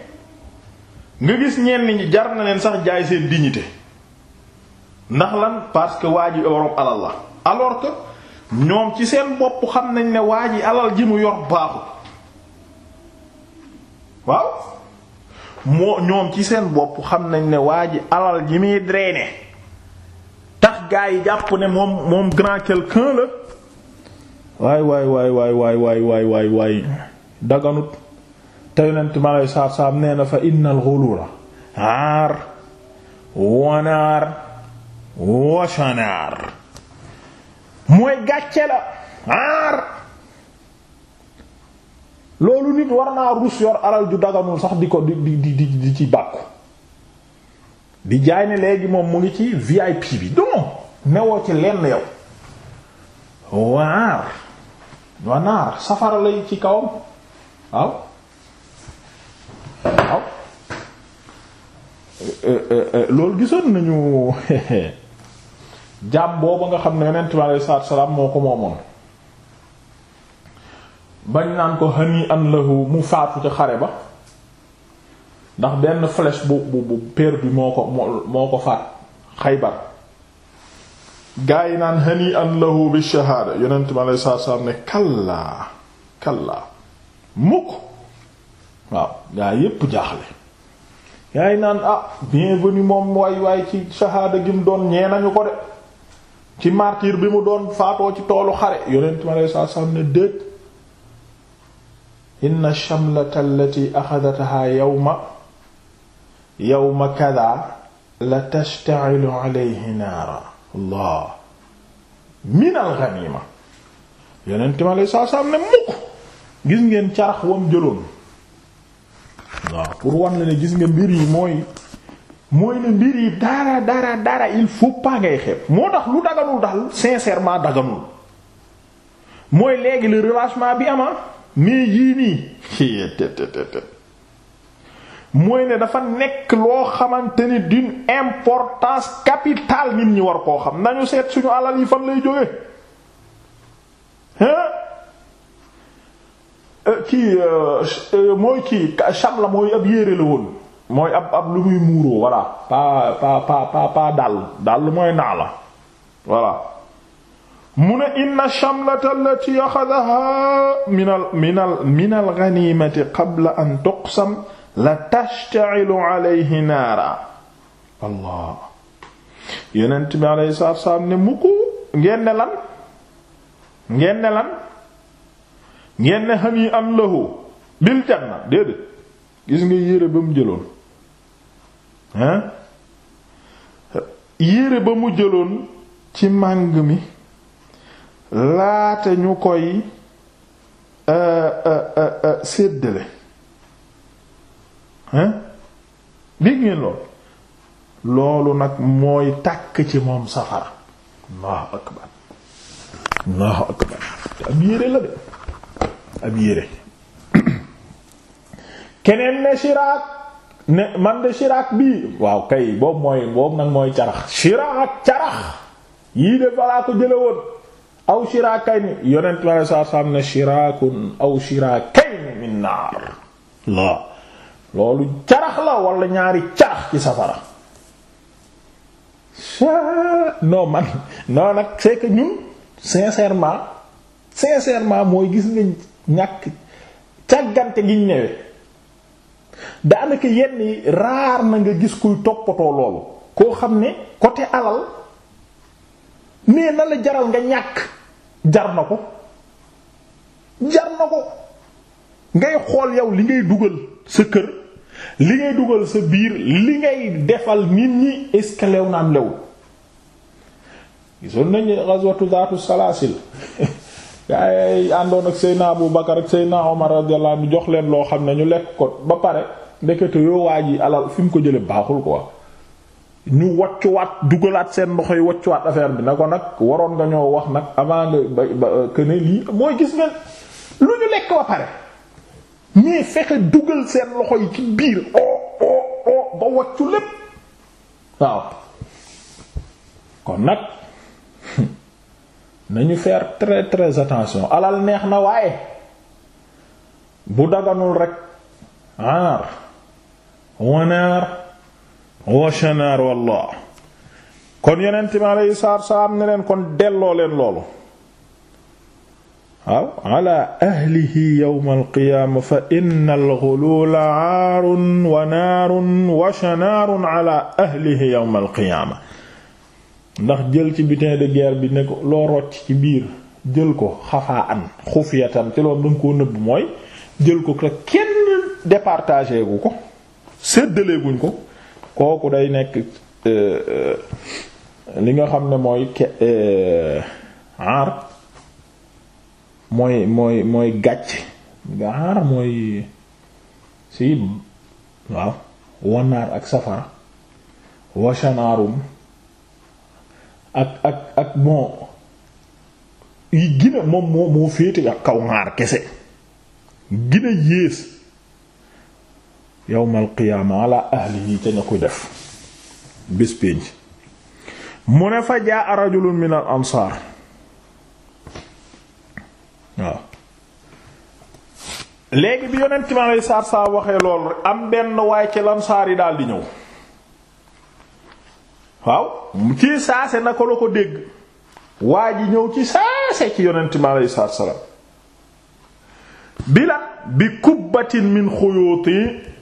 S1: nga gis ñenn jar na leen sax jaay seen dignité ndax lan parce que waa ji borom alal la alors que ñoom ci seen bopp xam nañ ne waa ji alal ji mu yor baaxul waaw moo ñoom ci seen bopp xam nañ ne waa ji alal ji muy drainer tax gaa yi jàpp ne moom moom grand quelqu'un la waay waay waay waay waay waay waay waay waay daganut te yonent ma lay saab saab nee na fa innal ghulula aar wanaar washanaar mooy gàcce la aar loolu nit war naa rus yor alal ju daganul sax di ko di di di di ci bàkku di jaay ne léegi moom mu ngi ci VIP bi donc newoo ci lenn yow waar wanaar safara lay ci kawam waaw waaw eh, eh, eh, loolu gisoon nañu jàmm booba nga xam ne yonent bi aleyhi salaatu wa salaam moo ko moomoon bañ naan ko hani an lahu mu faatu ca xare ba ndax benn flèche bu bu bu perdu moo ko moo ko faat Xaybar gaa yi naan hani an lahu bi shahaada yonent mi aleyhi salaatu salaam ne kallaa yi naan ah bienvenu moom way waay ci shahaada gi mu doon ñee nañu ko de ci martyr bi mu doon faatoo ci toolu xare yonent mi aleyhi salaatu ne déet inna shamlata allati axadataha yawma yawma kada la tashta'ilu alayhi naara allah min al ghanima yeneen mukk gis ngeen carax wam jëloon pour wan la ne gis nga mbir yi mooy mooy ne mbir yi dara dara dara il faut ngay xeeb moo tax lu daganul daal sincèrement daganul mooy léegi le relâchement bi ama ah. mais yii nii mooy ne dafa nekk loo xamante ni d'une importance capitale nit ñi war koo xam nañu seet suñu alal yi fan lay jóge hein euh, kii euh, euh, mooy kii cham la mooy ab yére la woon mooy ab ab lu muy muuroo voilà pa pa pa pa pa dàll dàll mooy naa la voilà mu ne inna shamlata allati axadaha minal minal minal ganimati qabla an tuqsam la tashta'ilu alayhi naara allah yonent bi alayhi salaatu salaam ne mukk ngeen ngeen ne lan ngeen ne hani an lahu bil janna déedéet gis nga yére ba mu jëloon hein yére ba mu jëloon ci màng mi laate ñu koy euh, euh, euh, séddale hein dégg ngeen lool loolu nag mooy tàkk ci moom safara allahu akbar allahu akbar ab yére la de ab yére keneen ne shiraak ne man de shiraak bii waaw kay boobu mooy boobu nag mooy carax shiraak carax yii de balaa ko jële aw shiraakayni yonent bi alei satu salaam ne shiraakun aw shiraakayni min naar la loolu carax la wala ñaari carax ci safara non man non nag c'est ñun sincèrement sincèrement mooy gis nga ñàkk càggante giñ ñëwe daanaka yenn raar na nga gis kuy toppatoo loolu koo xam ne côté alal mais na la jaral nga ñàkk jar na ko jar na ko ngay xool yow li ngay dugal sa kër li ngay dugal sa biir li ngay defal nit ñi est-ce que lew naam lew gisoon nañu ghazwatu zaatu salaasil gaay àndoon ak Seydina Abu Bakar ak Seydina Omar radiyallahu anhu jox leen loo xam ne ñu lekk ko ba pare ndekete yoo waa ji alal fi mu ko jële baaxul quoi ñu waccuwaat dugalaat seen loxo yi waccuwaat affaire bi na ko nag waroon nga ñoo wax nag avant nga ba euh, que lii mooy gis nga lu ñu lekk ba pare fexe dugal seen loxo yi ci biir oh, oh, oh, ba waccu lépp waaw kon nag nañu faire très très attention alal neex na waaye bu daganul rek aar wanaar wa shanaar wallah kon yonent bi alayhi salaatu salaam ne leen kon delloo leen loolu waaw ala ahlihi yawmal qiyaama fa innal ghuluula aarun wa naarun wa shanaarun ala ahlihi yawmal qiyaama ndax jël ci butin de guerre bi ne ko loo rocc ci biir jël ko xafaa an xufiyatan te loolu danga koo nëbb mooy jël ko rek kenn départagé gu ko séddaleeguñ ko kooku day nekk euh, euh, li nga xam ne mooy ke euh, aar mooy mooy mooy gàcc nga mooy si waaw wanaar ak safara wasanaarum ak ak ak moo gina moom moo féete kaw ŋaar kese gina yées yowmal qiyaama ala ahlihi ca ña koy def bés pénc mu ne fa jaa rajulun min al ansaar waaw léegi bi yonent ma lay saar saa waxee lool am benn waay ci lansaar yi daal di ñëw waaw ci saase na ko la ko dégg waa ji ñëw ci saase ci yonent ma lay saar salaam bi bi kubbatin min xuyuti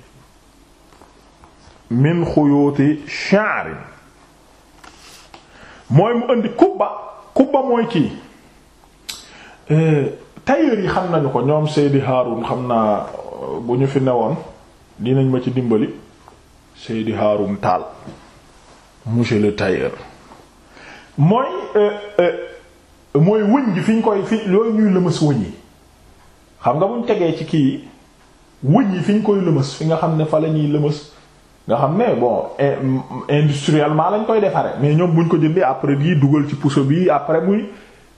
S1: min xuyuuti sha'rin mooy mu indi kubba kubba mooy kii eh, tailleur yi xam nañu ko ñoom Seydi Haarun xam naa eh, bu ñu fi newoon dinañ ma ci dimbali Seydi Haarun Taal monsieur le tailleur mooy eh, mooy wëñ gi fi ñu koy fi yooyu ñuy lëmas wëñ yi xam nga buñ tegee ci kii wëñ yi fi ñu koy lëmas fi nga xam ne fa ñuy lëmas nga xam ne bon industriellement lañ koy defaree mais ñoom buñ ko jëndee après di dugal ci puso bi après muy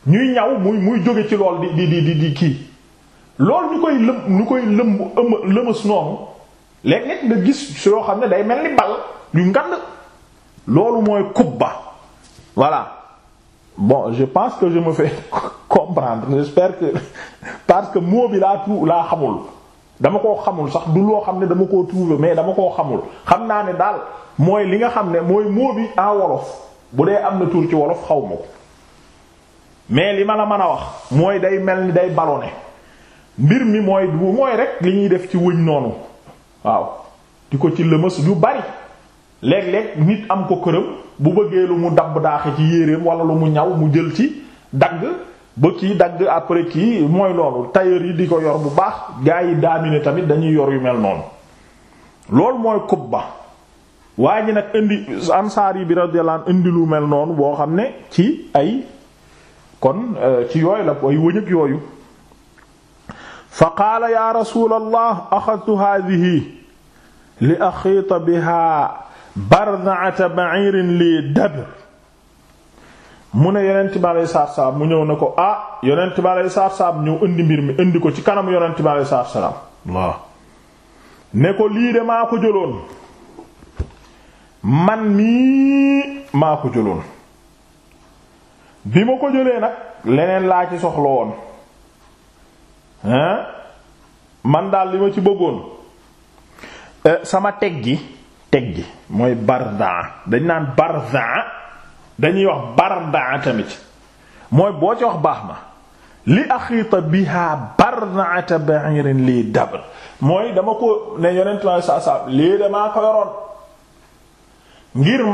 S1: ñuy ñaw muy muy jóge ci lool di di di di kii loolu ñu koy lëm ñu koy lëm lëmës noonu léeg-léeg nga gis si yoo xam ne day mel ni bal yu ngand loolu mooy kubba voilà bon je pense que je me fais comprendre j'espère que parce que moo bi laa tu laa xamul dama koo xamul sax du loo xam ne dama koo trouver mais dama koo xamul xam naa ne daal mooy li nga xam ne mooy moo bi a wolof bu dee am na tur ci wolof xaw ma ko mais li ma la mën a wax mooy day mel ni day balone mbir mi mooy du mooy rek li ñuy def ci wëñ noonu waaw di ko ci lëmas yu bari léeg-léeg nit am ko këram bu bëggee lu mu dabb daaxe ci yéreem wala lu mu ñaw mu jël ci dagg ba yi dagg après kii mooy loolu tailleur yi di ko yor bu baax gaa yi daamine tamit dañuy yor yu mel noonu loolu mooy kubba waa ji nag indi ansaar bi radiyallahu anhu indi lu mel noonu boo xam ne ci ay kon euh, ci yooyu la ay wëñëg yooyu fa qaala ya rasulallah axadtu hadihi li axiita biha bardaata ba'irin li dabr mu ne yeneen bi alayhi salaatu salaam mu ñëw ne ko ah yonent bi alayhi salaatu salaam ñëw indi mbir mi indi ko ci kanam yonent bi alayhi salaatu salaam waaw ne ko lii de maa ko jëloon man mii maa ko jëloon bi ma ko jëlee nag leneen laa ci soxla woon hein man daal li ma ci bëggoon eh, sama teg gi teg gi mooy bardan dañ naan bardan dañuy wax bardaa tamit mooy boo ci wax baax na li axiita biha bardaata ba'irin lii dabr mooy dama ko ne yonent lii damaa ko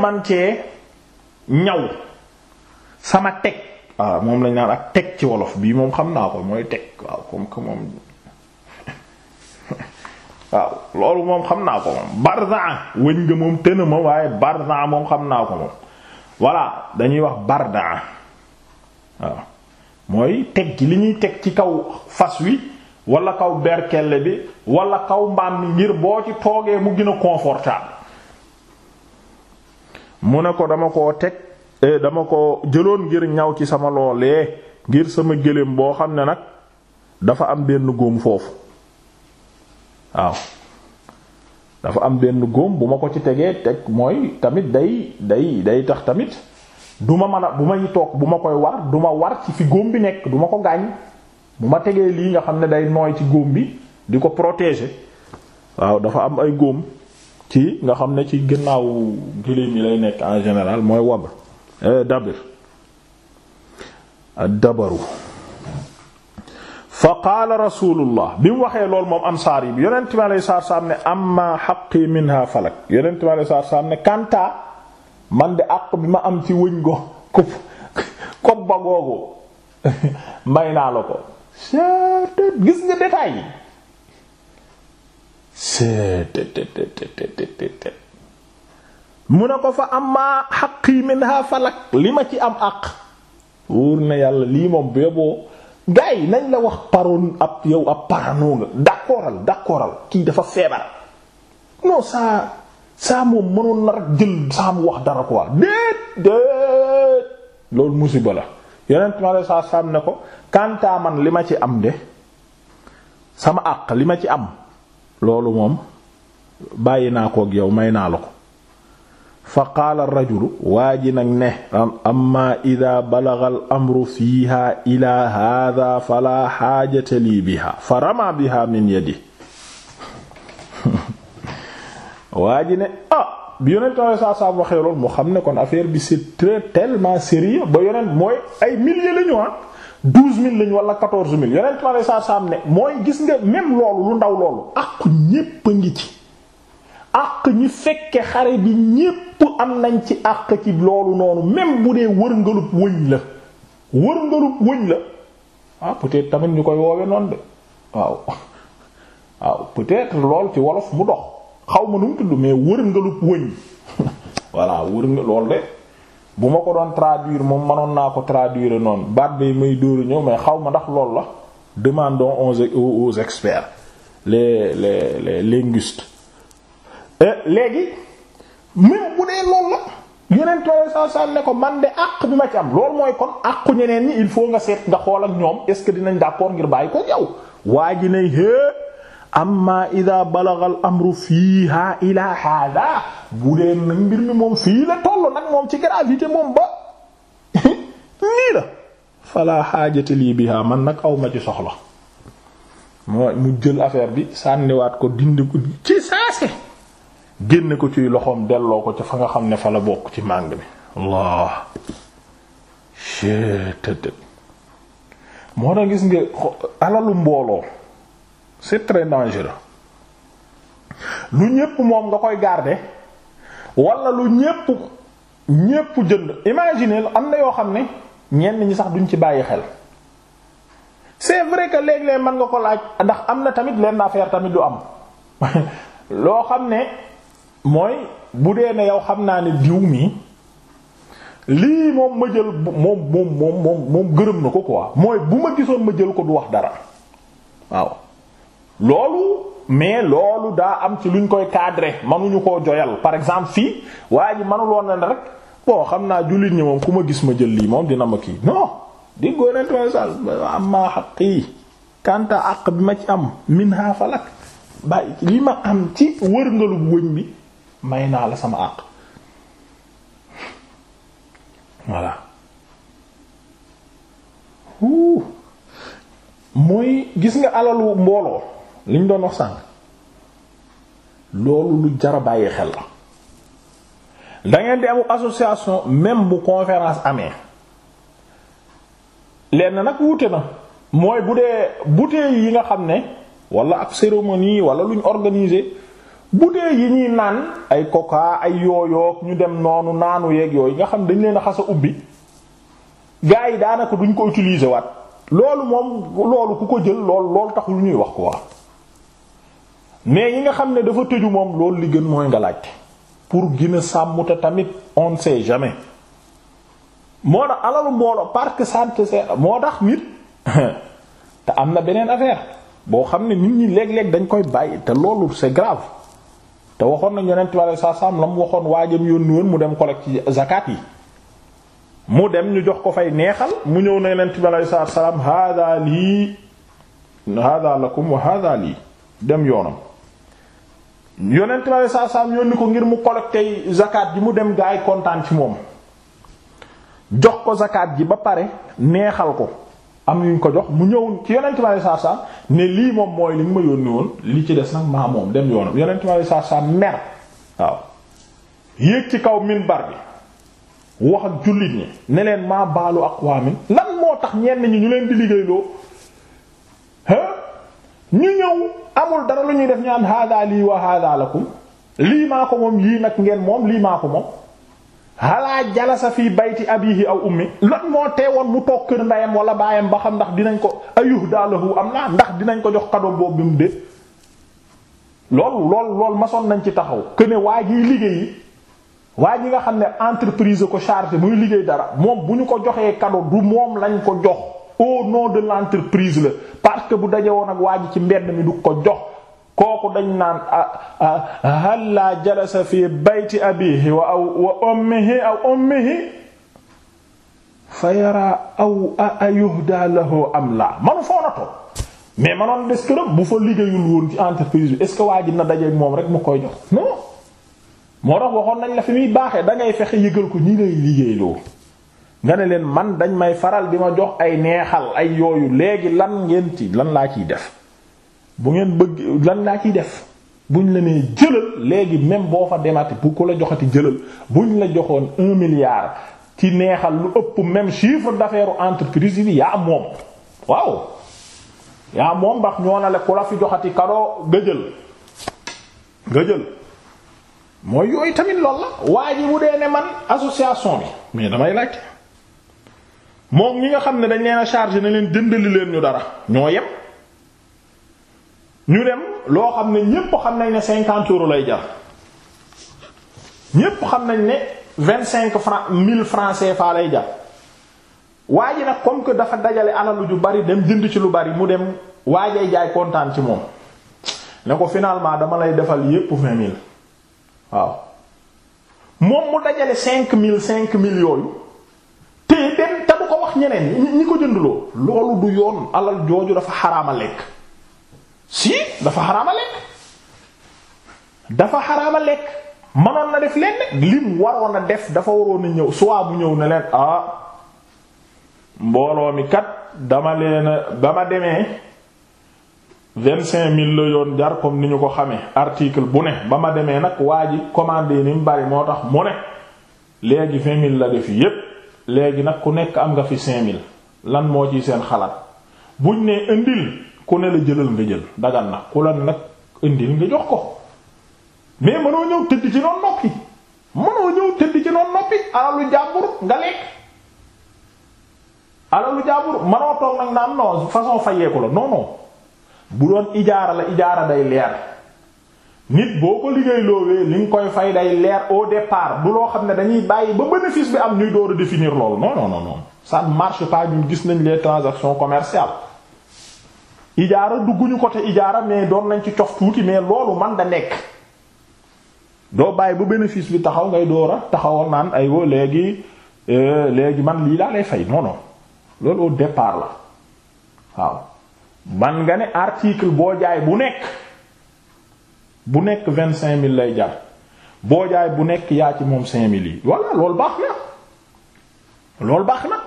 S1: man cee ñaw sama teg moom lañ naan teg ci wolof bii moom xam naa ko mooy teg waaw loolu moom xam naa ko moom bardaa wëñ ma waaye bardaa moom xam naa ko moom voilà dañuy wax bardaa waaw mooy teg ci li ñuy teg ci kaw fas wi walla kaw berkelle bi walla kaw mbaam mi ngir boo ci toogee mu gën a confortable mu ne ko dama koo teg eh, dama ko jëloon ngir ñaw ci sama loolee ngir sama gëléem boo xam ne nag dafa am benn góom foofu waaw dafa am benn góom bu ma ko ci tegee teg mooy tamit day day day tax tamit duma ma a bu may toog bu ma koy war du ma war ci fi góom bi nekk duma ko gaañ bu ma tegee lii nga xam ne day nooy ci góom bi di ko protéger waaw dafa am ay góom ci nga xam ne ci ginnaawu gëléem yi lay nekk en général mooy wab eh, dabir dabaru fa qaala rasulullah bi mu waxee loolu moom ansaar yi bi yonent mi alayhi salaatu salaam ne amma haqqi minha falak yonent mi alayhi salaatu salaam ne kanta man de àq bi ma am ci wëñ go ko kob ba googu may naa la ko seetet gis nga détails yi seetet mu ne ko fa amma haqqi minha falak li ma ci am àq wóor na yàlla lii moom béboo gars nañ la wax paroon ab yow ab parano nga d'accordal d'accordal kii dafa feebar non saa saa moom mënoon na rek jël saa mu wax dara quoi déet déet loolu musiba la yeneen ma saa saam ne ko kantaa man li ma ci am de sama àq li ma ci am loolu moom bàyyi naa ko yow may naa la ko fa qaala rajulu waa ji nag ne amma ida balagha al amru fiiha ila hada fala xaajata lii biha fa rama biha min yadi waa ne ah bi yonent alayhi salaam waxee lool mu xam ne kon affaire bi c'est très tellement sérieux ba yonent mooy ay milliers la ah douze mille lañu wala quatorze mille yonent alayhi salaam ne mooy gis nga même loolu lu ndaw loolu ak ñépp ngi ci àq ñi fekke xare bi ñépp am nañ ci àq ci loolu noonu même bu dee wërngalub wëñ la wërngalub wëñ la ah peut tamit ñu koy woowe noonu de waaw peut-être lool ci wolof mu dox xaw ma nu mu tudd mais wërngalub wëñ voilà wërnga lool de bu ma ko doon traduire moom manoon naa ko traduire noonu baat bay may dóoru ñëw may xaw ma ndax lool la demandon aux aux experts les les les linguistes Euh, léegi même bu dee lool la yeneen tool yi saa ko man de àq bi ma ci am loolu mooy kon àqu ñeneen ñi il faut nga seet nga xool ak ñoom est ce que dinañ d'accord ngir bàyyi ko yow waa ji ne hee amma ida balagha al amru fiiha ila hada bu dee nag mbir mi moom fii la toll nag moom ci gravité moom ba nii la fala xaajata lii biha man nag aw ma ci soxla mu jël affaire bi sànniwaat ko dindi ko ci saase génn ko ciy loxoom delloo ko ca fa nga xam ne fa la bokk ci màng mi Allah chetëdd moo tax gis nga alalu mbooloo c'est très dangereux lu ñépp moom nga koy garder wala lu ñépp ñépp jënd imaginez am na yoo xam ne ñenn ñi sax duñ ci bàyyi xel c'est vrai que léeg-léeg mën nga ko laaj ndax am na tamit lenn affaire tamit du am loo xam ne mooy bu dee ne yow xam naa ne diw mi lii moom ma jël moom moom moom gërëm na ko quoi mooy bu ma gisoon ma jël ko du wax dara waaw loolu mais loolu daa am ci luñ koy cadrer mënuñu koo joyal par exemple fii waa ji mënuloon na ne rek bon xam naa jullit ñi moom ku ma gis ma jël lii moom dina ma kii non di góoneel transal am maa xaq yi kanta àq bi ma ci am min ha falak bàyyi li ma am ci wërngalu wëñ bi may naa la sama àq voilà wuu mooy gis nga alalu mbooloo liñ doon wax sànq loolu lu jara bàyyi xel la da ngeen di amu association même bu conférence amee na nag wuute na mooy bu dee bouteilles yi nga xam ne wala ab cérémonie wala luñ organiser bu dee yi ñuy naan ay coca ay yooyoog ñu dem noonu naanu yeeg yooyu nga xam dañ leen a xas a ubbi gars yi daanaka duñ ko utiliser waat loolu moom loolu ku ko jël lool loolu taxul ñuy wax ko wax mais yi nga xam ne dafa tëju moom loolu li gën mooy nga laajte pour gën a sàmm te tamit on sait moo tax alalu mbooloo parce que santé moo tax nit te am na beneen affaire boo xam ne nit ñi léeg-léeg dañ koy bàyyi te loolu c'est grave. te waxoon nañ yonent bi saa saam la mu waxoon waajam yónni woon mu dem collecte ci zakat yi mu dem ñu jox ko fay neexal mu ñëw na yonent bi saa saam hada lii hada lakum wa hada lii dem yoonam yonent bi saa saam yónni ko ngir mu collecte zakat ji mu dem gaay kontaan ci moom jox ko zakat ji ba pare neexal ko am yuñ ko jox mu ñëw ci yonent bi alayhi salaatu ne lii moom mooy li mu ma yónni woon li ci des nag maa moom dem yoonam yonent bi alayhi salaatu mer waaw yéeg ci kaw minbar bi wax ak jullit ñi ne leen maa baalu aqwaamin lan moo tax ñenn ñi ñu leen di liggéeyloo ñu ñëw amul dara lu ñuy def ñaan hada lii wa hada lii maa ko moom yii nag ngeen moom lii maa ko moom halaa jalasa fii bayti abiihi aw ummi lan moo woon mu toog kër ndeyam wala baayam ba xam ndax dinañ ko ayuh daalahu am naa ndax dinañ ko jox cadeau boobu bi mu def loolu lool lool masoon nañ ci taxaw que ne waa jiy liggéey waa ji nga xam ne entreprise ko chargé muy liggéey dara moom bu ñu ko joxee cadeau du moom lañ ko jox au nom de l'entreprise la parce que bu dajee woon ak waa ji ci mbedd mi du ko jox kooku dañ naan hal laa jalasa fi bayti abihi wa aw wa ummihi aw fa yara aw a yuhda lahu am laa manu foo na toog mais manoon des këram bu fa liggéeyul woon ci entreprise bi est ce que waa ji na dajeeg moom rek mu koy jox non moo tax waxoon nañ la fi muy baaxee dangay ngay fexe yëgal ko ñi lay liggéey loolu nga ne leen man dañ may faral di ma jox ay neexal ay yooyu léegi lan ngeen ci lan laa ciy def bu ngeen bëgg lan laa ciy def buñ la nee jëlal léegi même boo fa demati bu ko la joxati jëlal buñ la joxoon un milliard ci neexal lu ëpp même chiffre d'affaires entreprise yi yaa moom waaw yaa moom ndax ñoo na la ku la fi joxati kadoo nga jël nga jël mooy yooyu tamit lool la waa ji bu dee ne man association bi mais damay laajte moom ñi nga xam ne dañ leen a chargé leen leen li leen ñu dara ñoo yem ñu dem loo xam ne ñépp xam nañ ne cinquante euros lay jar ñépp xam nañ ne vingt cinq francs mille francs CFA lay jar waa ji nag comme que dafa dajale alalu ju bari dem jënd ci lu bari mu dem waajay jaay kontaan ci moom ne ko finalement dama lay defal yépp vingt mille waaw moom mu dajale cinq mille cinq mille yooyu te dem te bu ko wax ñeneen ñi ko jëndloo loolu du yoon alal jooju dafa xaraama lekk si dafa xaraama lekk dafa xaraama lekk manoon na def lenn lim waroon a def dafa waroon a ñëw soit bu ñëw ne leen ah mbooloo mi kat dama leen ba ma demee vingt-cinq mill la yoon jar comme ni ñu ko xamee article bu ne ba ma demee nag waa ji commandé yi ni mu moo tax mu ne léegi vingt mille la def yépp léegi nag ku nekk am nga fi cinq mille lan moo ci seen xalaat buñ ne indil ku ne la jëlal nga jël dagan na ku la nag indil nga jox ko mais mënoo ñëw tëdd ci noonu noppi mënoo ñëw tëdd ci noonu noppi alalu jàmbur nga lekk alalu jàmbur mënoo toog nag naan non façon fayeeku la non bu doon ijaara la ijaara day leer nit boo ko liggéey loowee li nga koy fay day leer au départ du loo xam ne dañuy bàyyi ba bénéfice bi am ñuy door a définir loolu non non non non ça gis nañ les transactions commercial ijaara dugguñu côté ijaara mais doon nañ ci cof tuuti mais loolu man da nekk doo bàyyi bu bénéfice bi taxaw ngay doora a taxawal naan ay wo léegi euh, léegi man lii laa lay fay non loolu au la waaw man nga ne article boo jaay bu nekk bu nekk vingt cinq mille lay jar boo jaay bu nekk yaa ci moom cinq mille yi voilà loolu baax na loolu baax na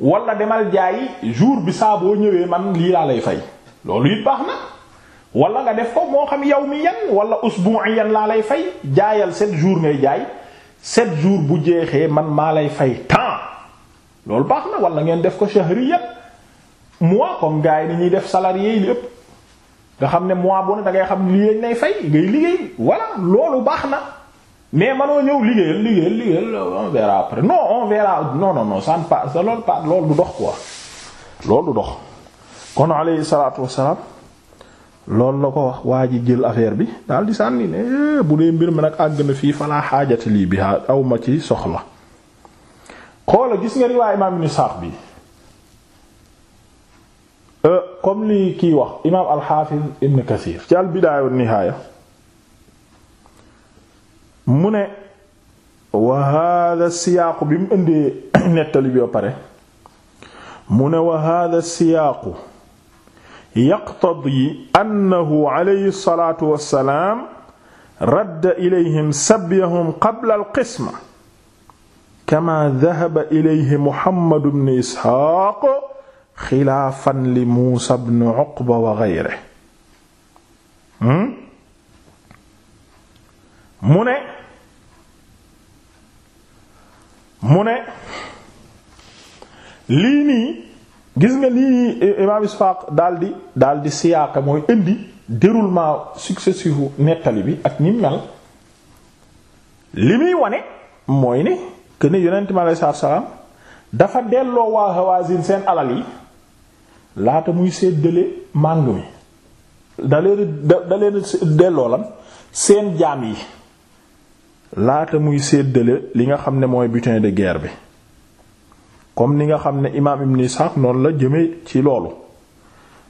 S1: wala demal jaay jour bi saaboo ñëwee man lii laa lay fay loolu it baax na wala nga def ko moo xam yawmiyan wala yan laa lay fay jaayal sept jour ngay jaay sept jours bu jeexee man maa lay fay temps loolu baax na wala ngeen def ko shahriyan mois comme gars yi ni ñuy def salarié yi li ëpp nga xam ne mois bu ne da ngay xam lii lañ lay fay ngay liggéey voilà loolu baax na. mais manoo ñëw liggéeyal liggéeyal liggéeyal on verra après non on verra non non non loolu du dox quoi loolu du dox kon la ko wax waa ji jël affaire bi daal di sànni ne eh, bu dee mbir mi nag àgg na fii falaa xaajata lii bi aw ma ci soxla xoola gis nga riwaay imaam ibn Sa'd bi eh, comme li kii wax imaam al ibn Kathir ci al nihaaya mu ne wa hada siyaaqu bi mu indee nettali bi ba pare mu ne wa hada siyaaqu yaqtadi annahu alayhi salaatu wassalaam radda ilayhim sabyahum qabla alqisma kama dahaba ilayhi muhammadu bnu isxaaq xilaafan li muusa bnu uqba wa gayrihi hmm? mu ne mu ne lii nii gis nga lii nii dal Isxaaq daldi daldi siyaaka mooy indi déroulement successif nettali bi ak ñi mel li muy wane mooy ne que ne yonent mi alayhi salaam dafa delloo waa Hawaazin seen alal yi laata muy séddale màng mi da leen da delloo lan seen jaam yi. laata muy séddale li nga xam ne mooy butin de guerre bi comme ni nga xam ne imaam ni Ishaq noonu la jëme ci loolu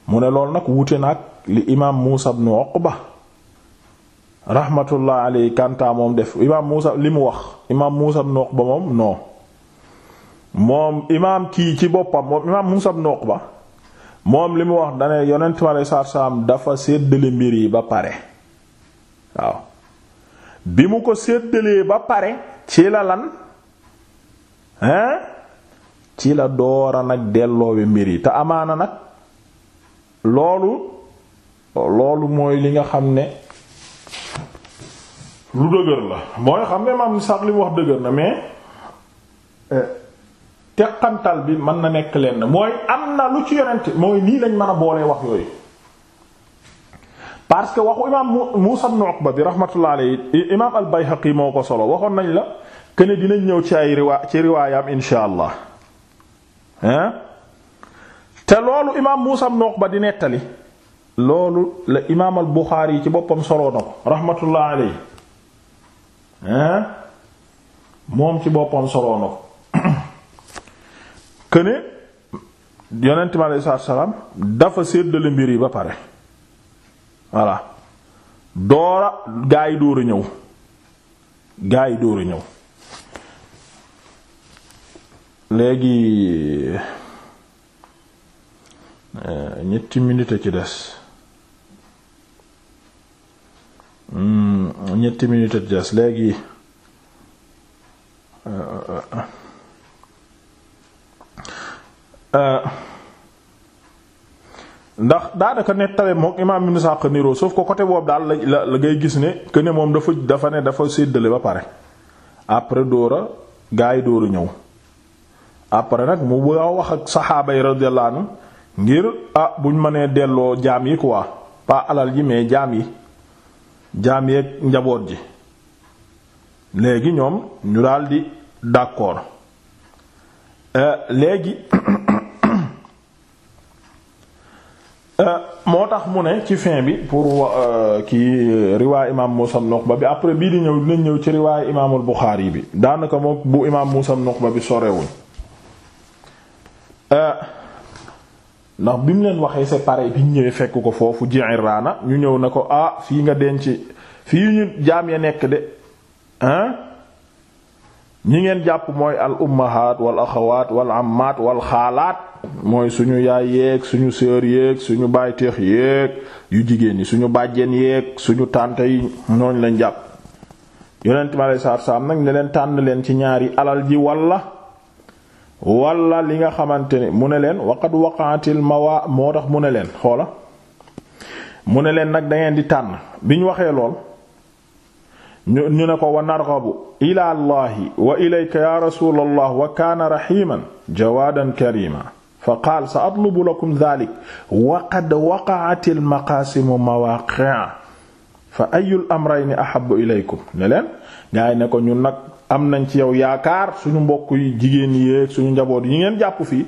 S1: mu ne loolu nag wuute nag li imaam Muusa ibn Uqba rahmatullah alayhi kanta moom imaam Muusa li mu wax imaam Muusa ibn Uqba moom noo moom imaam kii ci boppam moom imaam Muusa ibn Uqba moom li mu wax dane yonent mi aleyhi salaatu dafa séddale mbir yi ba pare waaw bi mu ko séddalee ba pare ci la lan hein ci la doora nag delloo delloowe mbir yi te amaana nag loolu loolu mooy li nga xam ne lu dëgër la mooy xam ne maam sax li mu wax dëgër na mais euh, teqantal bi mën na nekk lenn mooy am na lu ci yonent mooy nii lañ mën a boolee wax yooyu parce que waxu imaam Muusaa ibn Uqba bi rahmatullah alayhi imaam al-Bayhaqi moo ko solo waxoon nañ la kenn dinañ ñëw ci ay riwaa ci riwaayam insha allah te loolu imaam Muusaa ibn ba di nettali loolu la imaam al-Buxaari ci boppam solo na ko rahmatullah alayhi hein moom ci boppam solo na ko kenn yonent mi alayhi salaam dafa séddale mbir yi ba pare voilà doora gaa yi dóor a ñëw gaa yi dóor a ñëw léegi eh, ñetti minute ci des hmm, ñetti minute ci des léegi daanaka nettale mook imaam Ibn Sa'd niroo sauf ko côté boobu daal la la ngay gis ne que ne moom dafa dafa ne dafa séddale ba pare après dóora gaa yi dóora ñëw après nag mu ba wax ak saxaaba yi radiyallahu anhu ngir ah buñ mënee delloo jaam yi quoi pas alal ji mais jaam yi jaam yeeg njaboot ji léegi ñoom ñu daldi d'accord euh, léegi Euh, moo tax mu ne ci fin bi pour euh, kii riwaay imaam Muusaa ibn Uqba bi après bii di ñëw dinañ ñëw ci riwaay imaamul Buxaari bi daanaka moom bu imaam Muusaa ibn Uqba bi sorewuñ euh, ndax bi mu leen waxee c'est pareil bi ñu ñëwee fekk ko foofu Ji'irraana ñu ñëw na ko ah fii nga denc fii ñu jaam ya nekk de ñi ngeen jàpp mooy al ummahaat wal axawaat wal ammaat wal xaalaat mooy suñu yaay yeeg suñu sœur yeeg suñu baayteex yeeg yu jigéen ñi suñu bàjjen yeeg suñu tànte yi ñooñ lañ jàpp yonent ma lay saar saam nag ne leen tànn leen ci ñaari alal ji walla walla li nga xamante ni mu ne leen waqad waqatil mawaa moo tax mu ne leen xoola mu ne leen nag dangeen di tànn bi ñu waxee lool ñu ne ko wa narghabu ila allahi wa ilayka ya rasulallah wa kaana rahiman jawadan karima fa qaal sa atlubu lakum dhalik wa qad waqa'at al maqasimu mawaaqi'a fa ayul amrayni ahabbu ilaykum ne leen gaa yi ne ko ñun nag am nañ ci yow yaakaar suñu mbokk jigéen yéeg suñu njaboot yi ngeen jàpp fii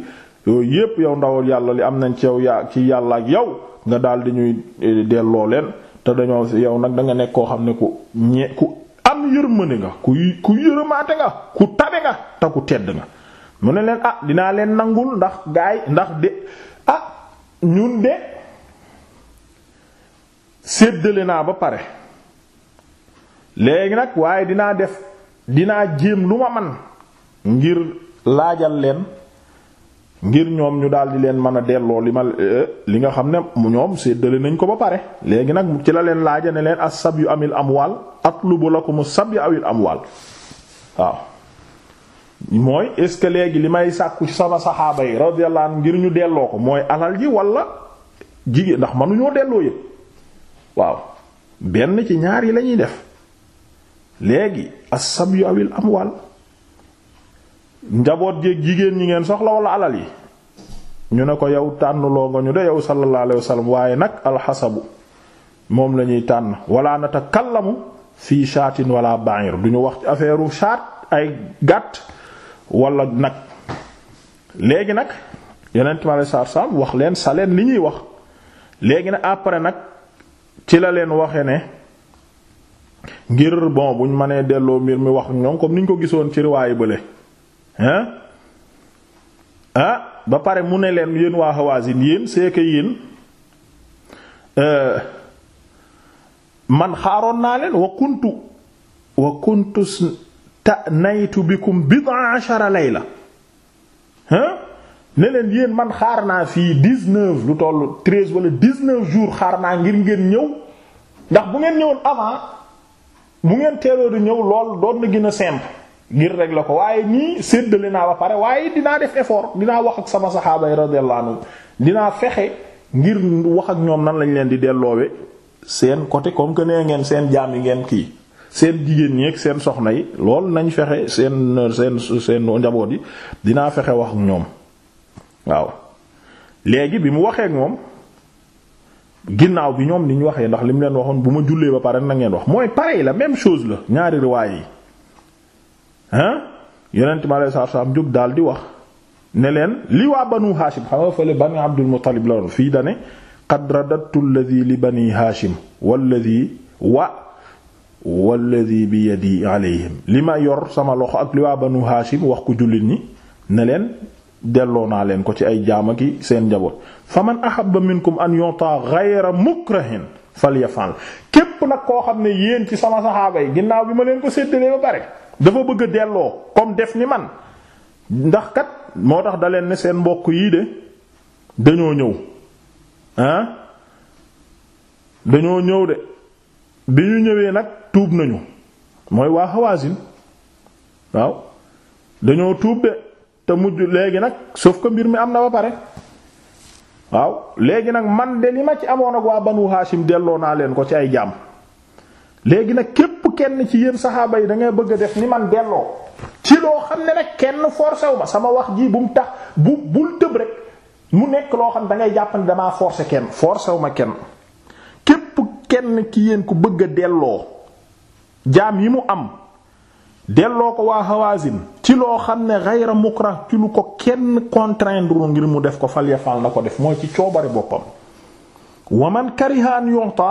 S1: yooyu yépp yow ndawal yàlla li am nañ ci yow yaa ci yàlla ak yow nga daal di ñuy eh, delloo leen te dañoo yow nag danga nekk koo xam ne ku ñe ku am yërmande nga ku ku nga ku tabe nga te ku tedd nga. mu ne leen ah dinaa leen nangul ndax gaay ndax de a ah, ñun de seddale naa ba pare léegi nag waaye dinaa def dinaa jéem lu ma man ngir laajal leen ngir ñoom ñu daal di leen mën a delloo li ma eh, li nga xam ne mu ñoom séddale nañ ko ba pare léegi nag ci la leen laaja ne leen as sab yu amil amwaal atlubu lakumu sab yu awil amwaal waaw mooy est-ce que léegi li may sàkku ci sama saxaaba yi radiyallahu ngir ñu delloo ko mooy alal ji wala jigéen ndax mënuñoo delloo yëpp waaw benn ci ñaar yi lañuy def léegi as-sabyu awil amwal njaboot jéeg jigéen ñi ngeen soxla wala alal yi ñu ne ko yow tànnloo nga ñu de yow sallallahu alayhi wasallam waaye nag alxasabu moom la ñuy tànn wala natakallamu fii shaatin wala ba'ir duñu wax ci affaire u shaat ay gàtt wala nag léegi nag yeneen mi alayhi salaatu salaam wax leen sa leen li ñuy wax léegi nag après nag ci la leen waxe ne ngir bon buñ mënee delloo mbir mi wax ñoom comme niñ ko gisoon ci riwaayu bële hein ah, ba pare mu ne leen yéen waa Hawazin yéen c'est que yéen euh, man xaaroon naa leen wa kuntu wa kuntu istanaytu bikum bid'a ashara layla hein ne leen yéen man xaar naa fii dix-neuf lu toll treize wala dix-neuf jours xaar naa ngir ngeen ñëw ndax bu ngeen ñëwoon avant bu ngeen teeloo di ñëw lool doon na gën a simple ngir rek la ko waaye nii séddale naa ba pare waaye dinaa def effort dinaa wax ak sama saxaaba yi radiyallahu anhu dinaa fexe ngir wax ak ñoom nan lañ leen di delloowe seen côté comme que nee ngeen seen jaam yi ngeen kii seen jigéen ñi ak seen soxna yi lool nañ fexe seen seen seen njaboot yi dinaa fexe wax ñoom waaw léegi bi mu waxee ak moom ginnaaw bi ñoom ni ñu waxee ndax li mu leen waxoon bu ma jullee ba pare na ngeen wax mooy pareil la même chose la ñaari riwaay yi hein yonent ma alayhi salaatu salaam jóg daal di wax ne leen li waa banu Haashim xam nga fële bani Abdul Muttalib la woon fii dane qad radattu alladhi li bani Haashim walladhi wa walladi bi yadi alayhim li ma yor sama loxo ak li waa haashim wax ko jullit ñi ne leen delloo naa leen ko ci ay jaam ak seen njaboot fa man ahabba minkum an yu'ta ghayra mukrahin falyafal képp nag koo xam ne yéen ci sama saxaaba yi ginnaaw bi ma leen ko séddalee ba pare dafa bëgg a delloo comme def ni man ndax kat moo tax da ne seen mbokk yii de dañoo ñëw dañoo ñëw de bi ñu ñëwee nag tuub nañu mooy waa waaw dañoo tuub de te mujj léegi nag sauf ko mbir mi am na ba pare waaw léegi nag man de li ma ci amoon ak waa Banu Hashim delloo naa leen ko ci ay jaam léegi nag képp kenn ci yéen saxaaba yi da ngay bëgg a def ni man delloo ci loo xam ne nag kenn forcé wu ma sama wax jii bu mu tax bu bul tëb rek mu nekk loo xam ne dangay jàpp ne damaa forcé kenn forcé ma kenn képp kenn ci yéen ku bëgg a delloo. jaam yi mu am delloo ko waa Hawazin ci loo xam ne ghayra mukrah ci lu ko kenn contraindre ngir mu def ko fal yafal na ko def mooy ci coobare boppam wa man kariha an yu'ta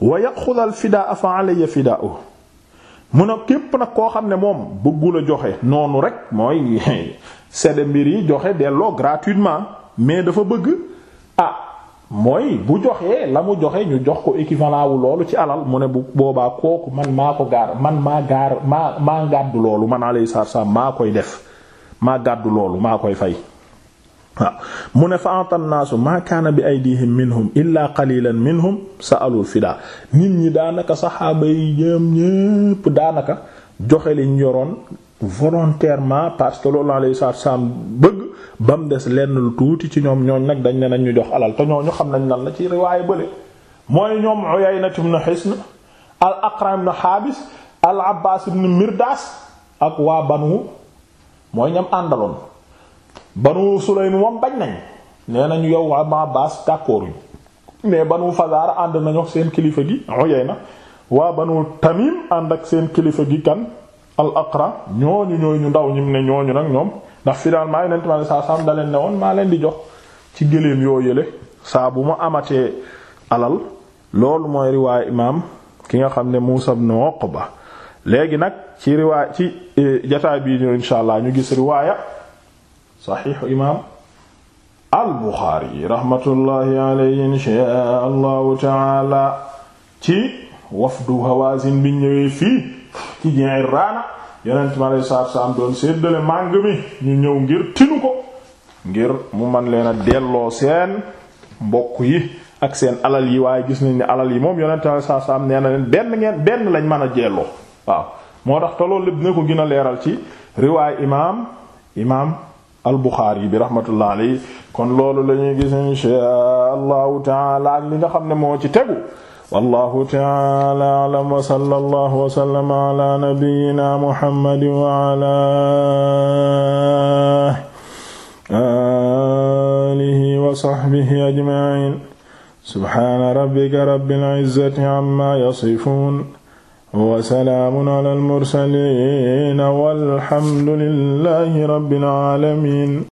S1: wa ya'khudha al fidaa fa alayya fidaa'uhu mu ne képp nag koo xam ne moom bëggul a joxe noonu rek mooy sedda mbir yi joxe delloo gratuitement mais dafa bëgg ah mooy bu joxee la mu joxe ñu jox ko équivalent wu loolu ci alal mu ne bu boobaa kooku man maa ko gaar man maa gaar maa maa gàddu loolu man alayhi salaam maa koy def maa gàddu loolu maa koy fay waaw mu ne fa ata naasu maa kaana bi aydihim minhum illa qalilan minhum sa'alul fidaa nit ñi daanaka saxaaba yi ñoom daanaka joxe liñ yoroon volontairement parce que loolu alayhi salaam bëgg ba mu des lenn lu tuuti ci ñoom ñooñ nag dañ ne nañ ñu jox alal te ñooñu xam nañ lan la ci riwaaye bële mooy ñoom Uyayna ibn Hisn al Aqra ibn Habis al Abbas ibn Mirdas ak waa banu mooy ñam àndaloon banu Sulaym moom bañ nañ nee nañu yow waa Abbas d'accord ñu mais banu ànd seen kilifa gi Uyayna waa banu Tamim ànd ak seen kilifa gi kan al Aqra ñooñu ñooy ñu ndaw ñim ne ñooñu nag ñoom ndax finalement yonent ma ne saa saam leen ne woon maa leen di jox ci gëléem yoo yële saa bu ma amatee alal loolu mooy riwaay imaam ki nga xam ne Muusa ibn Uqba léegi nag ci riwaay ci eh, insha allah ñu gis riwaaya saxiixu imaam al Buxaari raxmatullaahi alayhi insha allahu taala ci wafdu Hawaazin bi ñëwee fii ci Ji'irraana yonent mi aleyhi salaatu salaam doon séddale màng mi ñu ñëw ngir tinu ko ngir mu man leen a delloo seen mbokk yi ak seen alal yi waaye gis nañ ne alal yi moom yonent mi aleyhi salaatu salaam nee na leen benn ngeen benn lañ mën a jelloo waaw moo tax toloo lépp ne ko gën a leeral ci riwaay imaam imaam al Buxaari bi rahmatullah alayhi kon loolu la ñuy gis insha allahu taala li nga xam ne moo ci tegu wallahu ta'ala a'lam wa sallallahu wa sallama ala nabiyyina muhammad wa ala alihi wa sahbihi ajma'in subhana rabbika rabbil izzati amma yasifun wa salaamun ala al-mursaliin walhamdulillahi rabbil aalamiin